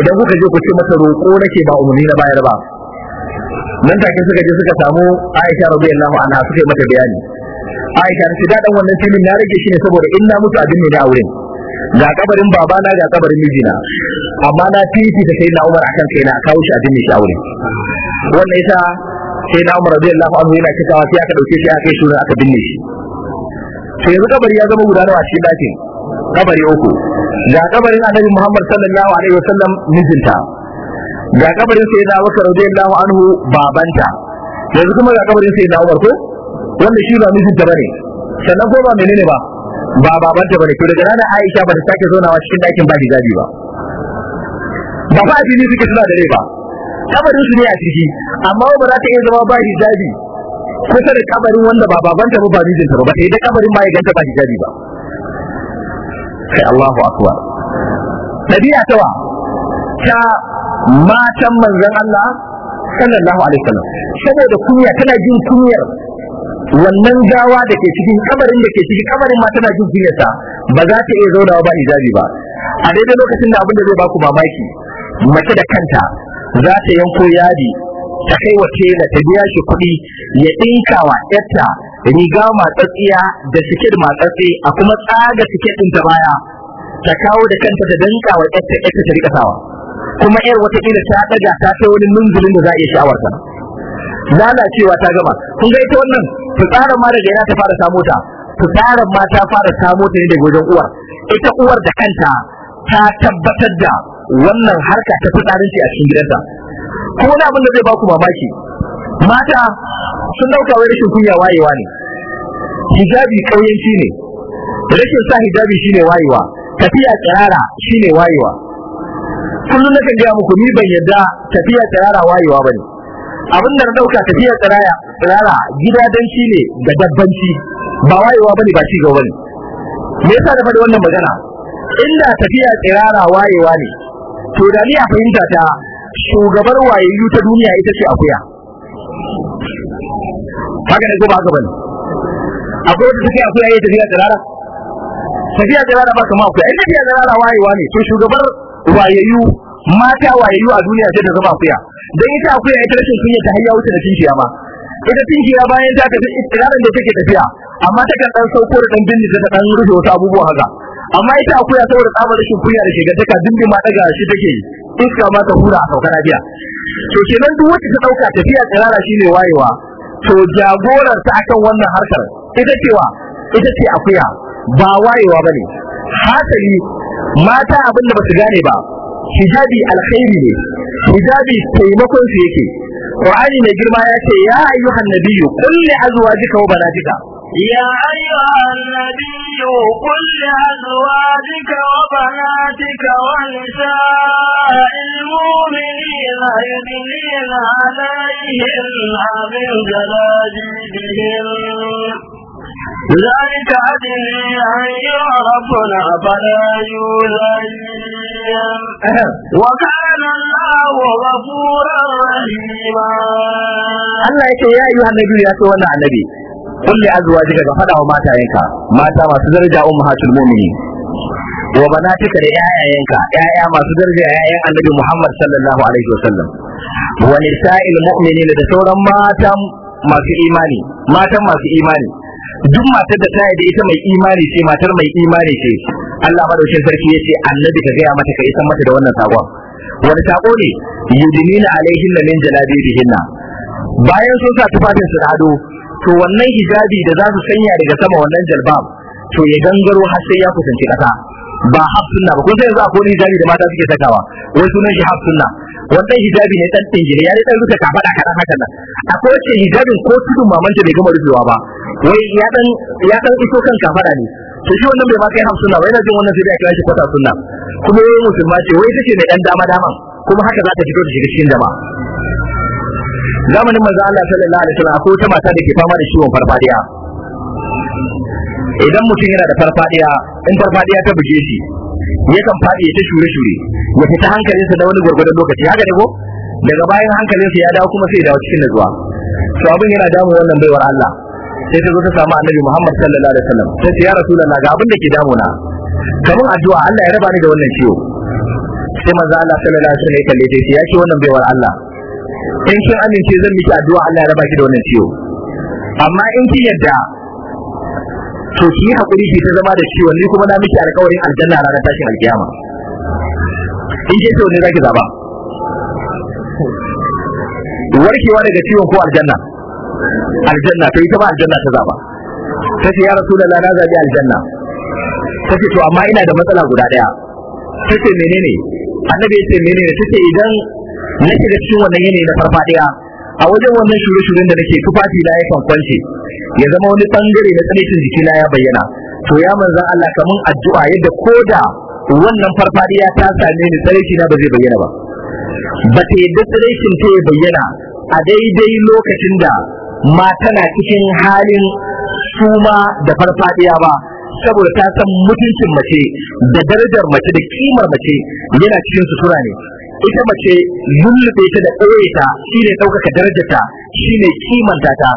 Speaker 4: idan kuka je ku ce masa roko nake ba umarni na bayar ba nan take suka je suka samu Aisha radiyallahu anha suka yi mata bayani Aisha ta ce da dan wannan filin na rage shi ne saboda in na mutu abin ne da wurin. ga kabarin babana ga kabarin mijina amma na titi ta sai na Umar akan sai na kawo shi a dinne shi aure wannan ita sai na Umar radiyallahu anhu yana kawo sai aka dauke shi aka kai shi aka binne shi sai yanzu kabari ya zama guda a cikin dakin kabari uku ga kabarin Annabi Muhammad sallallahu alaihi wasallam mijinta ga kabarin sai na Abubakar radiyallahu anhu babanta yanzu kuma ga kabarin sai na Umar ko wanda shi ba mijinta bane sannan ko ba menene ba ba babanta bane to daga nan Aisha ba ta sake wa cikin dakin ba hijabi ba ba fa addini suke suna da rai ba kabarin su ne a ciki amma ba za ta iya zama ba hijabi kusa da kabarin wanda ba babanta ba ba mijinta ba ba ta yi da kabarin ba ya ganta ba hijabi ba sai Allahu akbar dabi'a tawa ta matan manzon Allah sallallahu alaihi wasallam saboda kunya tana jin kunyar wannan gawa da ke cikin kabarin da ke cikin kabarin ma tana jin kunyarsa ba za ta iya zaunawa ba ijabi ba a daidai lokacin da abin da zai baku mamaki mace da kanta za ta yanko yadi ta kai wa tela ta biya shi kuɗi ya ɗinka wa yarta riga matsatsiya da sikir matsatsi a kuma tsaga sikir ɗin ta baya ta kawo da kanta ta danka wa yarta ta rika sawa kuma yar watakila ta ɗaga ta kai wani munzulin da za a iya sha'awarta lalacewa ta gama kun ga ita wannan fitsarin ma daga yana ta fara samo ta fitsarin ma ta fara samo ta ne daga wajen uwar ita uwar da kanta ta tabbatar da wannan harka ta shi a cikin gidanta ko wani abin da zai ba ku mamaki mata sun dauka wai rashin kunya wayewa ne hijabi kauyanci ne rashin sa hijabi shine wayewa tafiya shi shine wayewa kullum nakan gaya muku ni ban yadda tafiya tsirara wayewa bane abin da na dauka tafiya tsiraya tsirara gida shi ne ga dabbanci ba wayewa bane ba ci ga wani me yasa da faɗi wannan magana inda tafiya tsirara wayewa ne to da ni a fahimta ta shugabar wayayyu ta duniya ita ce akuya haka ne ko ba haka bane akwai wata tafiya akuya yayin tafiya tsirara tafiya tsirara ba kama akuya in tafiya tsirara wayewa ne to shugabar wayayyu mata wayayyu a duniya sai da zama kuya dan ita akuya ita rashin kunya ta hayya wuce da tinkiya ma ita tinkiya bayan ta tafi istirarin da take tafiya amma ta kan dan sauko da dan bindi ta dan rufe wasu abubuwa haka amma ita akuya saboda tsabar rashin kunya da shegantaka dindin ma daga shi take iska ma ta hura a saukar biya to kenan duk wacce ta dauka tafiya tsirara shine wayewa to jagorar ta akan wannan harkar ita cewa ita ce akuya ba wayewa bane hasali mata abin da su gane ba hijabi alkhairi ne hijabi taimakon su yake Qur'ani mai girma ya ce ya ayyuhan nabiyyu qul li azwajika wa banatika
Speaker 3: يا أيها النبي قل لأزواجك وبناتك ونساء المؤمنين يدنين عليهن من جلابيبهن ذلك أدري أن يعرفنا فلا يؤذين وكان الله غفورا رحيما الله يكي
Speaker 4: يا أيها النبي يا سوانا النبي قل لأزواجك فلا وما تعينك ما تعمى سدرجة أمهات المؤمنين wa banatika da ƴaƴayenka ƴaƴa masu daraja ƴaƴan annabi Muhammad sallallahu alaihi wasallam wa nisa'il mu'minin da sauran matan masu imani matan masu imani duk matar da ta yadda ita mai imani ce matar mai imani ce Allah wucin sarki ya ce annabi ka gaya mata ka isan mata da wannan saƙon. wani sako ne yudinina alaihin min jalabibihinna bayan sun sa tufafin su ado to wannan hijabi da za su sanya daga sama wannan jalbab to ya gangaro har sai ya kusanci kasa ba haf sunna ba kun sai yanzu akwai hijabi da mata suke sakawa wai sunan shi haf sunna wannan hijabi ne ɗan dingire ya ne ɗan rufe kafaɗa kaɗan haka nan akwai ce hijabin ko tudun mamanta bai gama rufewa ba wai ya dan ya dan iso kan kafara ne to shi wannan bai ma kai hamsin ba yana jin wannan sai da kira shi kwata sunna kuma yayin musulma ce wai take da dan dama dama kuma haka za ta fito da cikin jama'a zamanin manzo Allah sallallahu alaihi wasallam akwai wata mata da ke fama da ciwon farfadiya idan mutum yana da farfadiya in farfadiya ta buge shi yakan fadi ya ta shure shure ya fita hankalinsa da wani gurgurdan lokaci haka ne ko daga bayan hankalinsa ya dawo kuma sai ya dawo cikin nutsuwa to abin yana damu wannan baiwar Allah sai ta zo ta samu annabi Muhammad sallallahu alaihi wasallam sai ta ya rasulullah ga abin da ke damuna kamar addu'a Allah ya raba ni da wannan ciwo sai manzo Allah sallallahu alaihi wasallam ya kalle shi ya ce wannan baiwar Allah in kin amince zan miki addu'a Allah ya raba ki da wannan ciwo amma in kin yadda to ki hakuri ki ta zama da ciwon ni kuma na miki alƙawarin aljanna ranar tashin alkiyama in ke to ne zaki zaba warkewa daga ciwon ko aljanna aljanna to ita ba aljanna ta zaba ta ce ya rasu da lana zabi aljanna ta ce to amma ina da matsala guda daya ce menene annabi yace menene ce idan na shiga cikin wannan yanayi na farfadiya a wajen wannan shirye shiryen da nake tufafi na ya kwankwance ya zama wani bangare na tsanacin jiki na ya bayyana to ya manzan Allah kamar addu'a yadda ko da wannan farfadiya ta same ni tsareki na ba zai bayyana ba ba ta yadda tsarekin ta ya bayyana a daidai lokacin da ma tana cikin halin suma da farfadiya ba saboda ta san mutuncin mace da darajar mace da kimar mace yana cikin sutura ne ita mace lullube ta da ɗaure ta shine ɗaukaka shi shine kimanta ta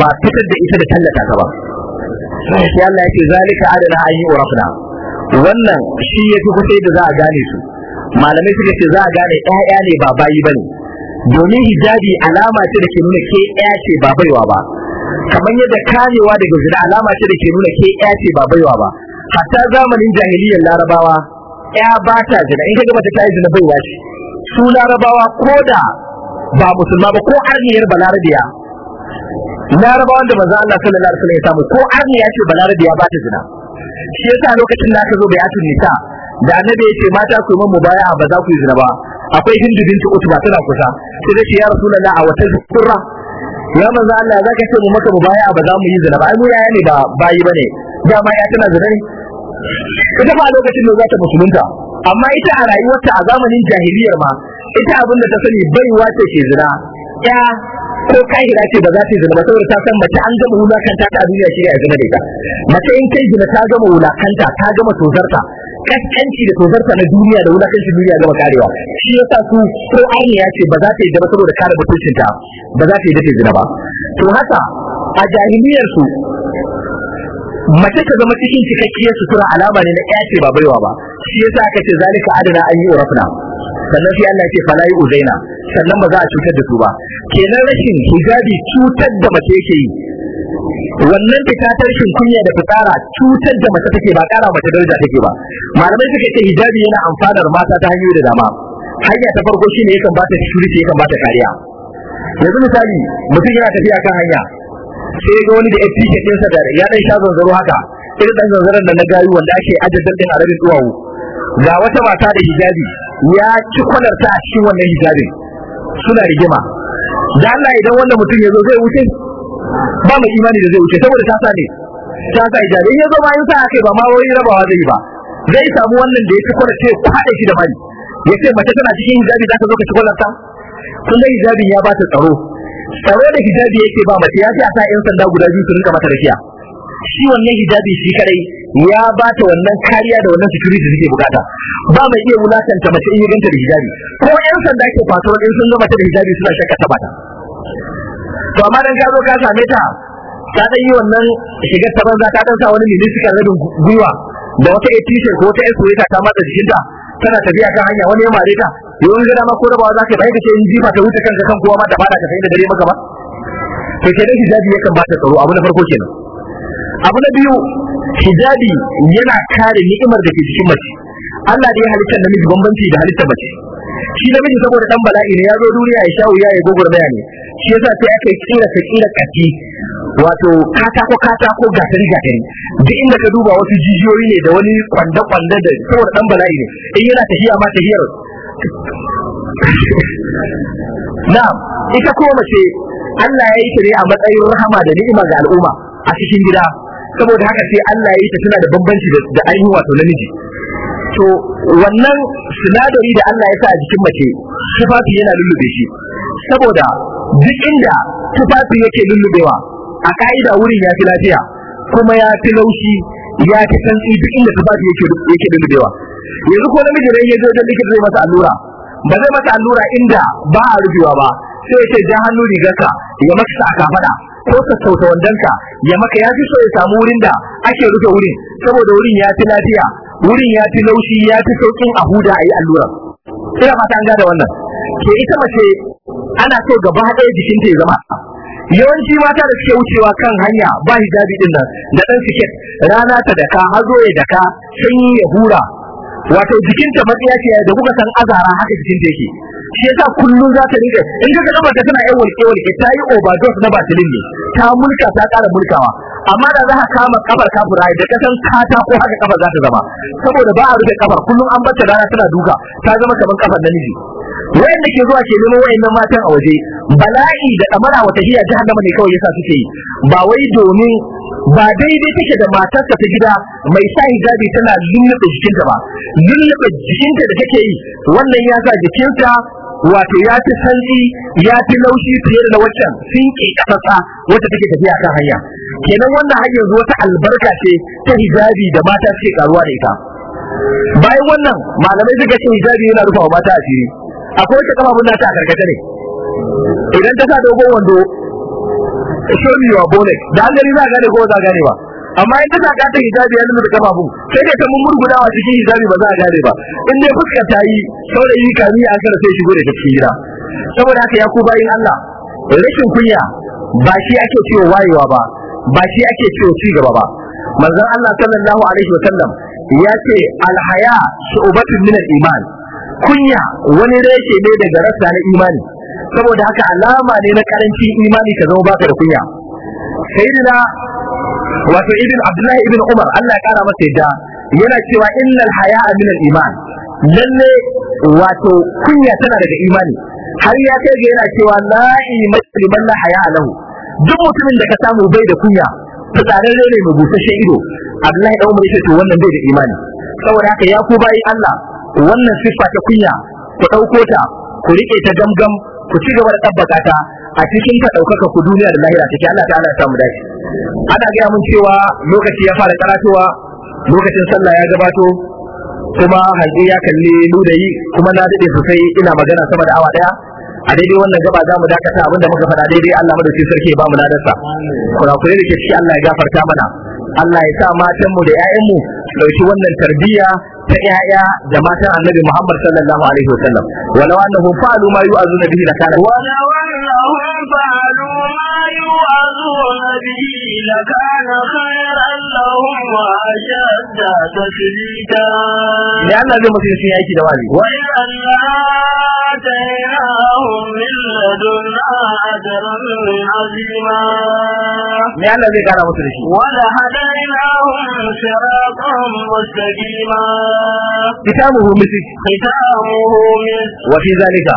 Speaker 4: ba fitar da ita da tallata ta ba sai Allah yake zalika adana ayi yi urafna wannan shi yafi kusa da za a gane su malamai suka ce za a gane ɗaya ne ba bayi bane domin hijabi alama ce da ke nuna ke ɗaya ce ba baiwa ba kamar yadda kamewa daga zina alama ce da ke nuna ke ɗaya ce ba baiwa ba hatta zamanin jahiliyar larabawa ɗaya ba ta zina in kaga mace ta yi zina baiwa ce su larabawa ko da ba musulma ba ko arniyar balarabiya larabawan da maza Allah sallallahu alaihi wasallam ya samu ko arniya ce balarabiya ba ta zina shi yasa lokacin da aka zo bai atun nisa da annabi ya ce mata ku yi mu baya ba za ku yi zina ba akwai hindu binti utba tana kusa sai ta ya ya rasulullah a wata kurra ya manzo Allah za ka ce mu maka mu baya ba za mu yi zina ba mu yaya ne ba bayi bane dama ya tana zina ne ita ba lokacin da za ta musulunta amma ita a rayuwarta a zamanin jahiliyar ma ita abin da ta sani baiwa ce ke zina ya ko kahira ce ba za ta zina ba saboda ta san mace an gama wulakanta ta a duniya shi ya zina da ita mace in kai zina ta gama wulakanta ta gama tozarta kaskanci da tozarta na duniya da wulakancin duniya gaba karewa shi yasa su ko aini ya ce ba za ta yi ba saboda kare mutuncin ta ba za ta yi dace zina ba to haka a jahiliyar su mace ta zama cikin cikakkiyar sutura alama ne na ƴa ce ba baiwa ba shi yasa aka ce zalika adana an yi urafna sannan sai Allah ya ce fala uzaina sannan ba za a cutar da su ba kenan rashin hijabi cutar da mace yake yi wannan ta ta rashin kunya da fitara cutar da mace take ba kara mace daraja take ba malamai suka ce hijabi yana amfanar mata ta hanyoyi da dama hanya ta farko shine yakan ba ta shirki yakan ba ta kariya yanzu misali mutum yana tafiya kan hanya sai ga wani da ya tike sa da ya dan shazo zanzaro haka irin dan zanzaran da na gayu wanda ake ajadar din arabin duwawu ga wata mata da hijabi ya ci kwalarta a cikin wannan hijabin suna rigima da Allah idan wannan mutum ya zo zai wuce ba mai imani da zai wuce saboda ta sa ne ta sa hijabi ya zo bayan sa kai ba ma wai rabawa zai ba zai samu wannan da ya ci kwanace ce haɗa shi da bari ya ce mace tana cikin hijabi za ta zo ka ci kwalarta kun ga hijabi ya ba ta tsaro tsaro da hijabi yake ba mace ya ce a sa yan sanda guda biyu su rinka mata rafiya shi wannan hijabi shi kadai ya ba ta wannan kariya da wannan security da take bukata ba mai iya wulakanta mace in yi ganta da hijabi ko yan sanda ke fatuwar in sun ga mace da hijabi suna shakka ta bata to amma dan ka zo ka same ta ta dan yi wannan shigar ta banza ta dan sa wani kan rabin gwiwa da wata ya ko wata esu ta matsa jikinta tana tafiya kan hanya wani ya mare ta yawan gada ma ko da ba za ka bai da ce in jifa ta wuce kanka kan kowa ma da fada ka sai da dare maka ba to kenan hijabi yakan ba ta tsaro abu na farko kenan abu na biyu hijabi yana kare ni'imar da ke cikin mace Allah da ya halitta namiji bambanci da halitta mace shi namiji saboda dan bala'i ne ya zo duniya ya sha wuya ya gogor bayani shi yasa sai aka yi kira ta kira wato katako katako gatari gatari duk inda ka duba wasu jijiyoyi ne da wani kwanda kwanda da saboda dan bala'i ne in yana tafiya ma tafiyar na'am ita kuma mace Allah ya yi ta ne a matsayin rahama da ni'ima ga al'umma a cikin gida saboda haka sai Allah ya yi ta suna da bambanci da ainihin wato namiji to wannan sinadari da Allah ya sa a jikin mace tufafi yana lullube shi saboda duk inda tufafi yake lullubewa a ka'ida wurin ya fi lafiya kuma ya fi laushi ya fi santsi duk inda tufafi yake lullubewa yanzu ko namiji ne ya zo wajen likita zai masa allura ba zai masa allura inda ba a rufewa ba sai ya ce ja hannu rigarka ya maka a kafada ko ka sauta wandonka ya maka ya fi so ya samu wurin da ake rufe wurin saboda wurin ya fi lafiya wurin ya fi laushi ya fi saukin a huda a yi allura ina fata an gada wannan ke ita mace ana so gaba ɗaya jikin ta ya zama yawanci mata da suke wucewa kan hanya ba hijabi din nan da ɗan siket rana ta daka hazo ya daka sanyi ya hura wato jikinta matsiya ce da kuka san azara haka jikinta yake shi yasa kullum za ta rike in ka ga ta tana yawan kewa ke ta yi overdose na batilin ne ta mulka ta ƙara mulkawa amma da za ka kama kafar kafura da ka san kata ko haka kafar za ta zama saboda ba a rike kafar kullum an bar rana tana duka ta zama kamar kafar namiji wayanda ke zuwa ke neman wayannan matan a waje bala'i da damara wata hiya jahannama ne kawai yasa suke yi ba wai domin ba daidai take da matarsa ta gida mai sa hijabi tana lullube jikinta ba lullube jikinta da take yi wannan ya sa jikinta wato ya fi sanyi ya fi laushi fiye da waccan sinki kasasa wacce take tafiya kan hanya kenan wannan hanyar wata albarka ce ta hijabi da mata suke karuwa da ita bayan wannan malamai suka ce hijabi yana rufa wa mata asiri akwai wacce kafafun nata a karkace ne idan ta sa dogon wando show me your bonnet da an gani za a gane ko za a gane ba amma in tana ka ta hijabi ya nuna da kafafun sai da ta mun murgudawa cikin hijabi ba za a gane ba in dai fuskar ta yi saurayi kami an kara sai shigo da ta cikin gida saboda haka ya ku bayin Allah rashin kunya ba shi ake cewa wayewa ba ba shi ake cewa ci gaba ba manzon Allah sallallahu alaihi wasallam ya ce alhaya su'batun min al-iman kunya wani reshe ne daga rasa na imani saboda haka alama ne na karancin imani ka zama baka da kunya sayyidina wato ibn abdullahi ibn umar Allah ya kara masa yadda yana cewa innal haya min al-iman lalle wato kunya tana daga imani har ya kai ga yana cewa la imani liman la haya lahu duk mutumin da ka samu bai da kunya fitsararre ne mai busasshen ido Abdullahi dan Umar yace to wannan bai da imani saboda haka ya ku bayi Allah wannan siffa ta kunya ku ɗauko ta ku riƙe ta gamgam ku ci gaba da tabbata ta a cikin ta ɗaukaka ku duniya da lahira take Allah ta'ala ya samu dace ana gaya mun cewa lokaci ya fara karatuwa lokacin sallah ya gabato kuma haji ya kalli ludayi kuma na daɗe sosai ina magana sama da awa ɗaya a daidai wannan gaba za mu dakata abinda muka faɗa daidai Allah madaukakin sarki ya ba mu ladarsa kurakurai da ke ci Allah ya gafarta mana Allah ya sa matanmu da 'ya'yanmu ɗauki wannan tarbiyya ta yaya da matan annabi Muhammad sallallahu alaihi wasallam walau annahum fa'alu ma yu'azuna bihi lakana walau
Speaker 3: annahum fa'alu ma yu'azuna bihi Kila ka na kairan lau ma'ajiyarta ta fita. Ni Allah gina masu rikici, ya yi ci dawari. Wai Allah sai na auri milion don ajiye rikicin zama. Ni Allah zai ƙara masu riki. Wani haɗari na auri sharafan mace ƙima. Ki ta muhumi siki. Ki ta muhumi. Wafi
Speaker 4: za ne ka?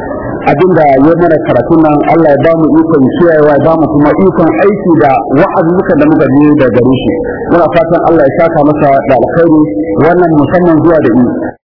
Speaker 4: Abin da ya mana karatun nan Allah ya ba mu ikon kiyayewa ya ba mu kuma ikon aiki da wa'azuka da muka ji da gare shi muna fatan Allah ya saka masa da alkhairi wannan
Speaker 2: musamman zuwa da ni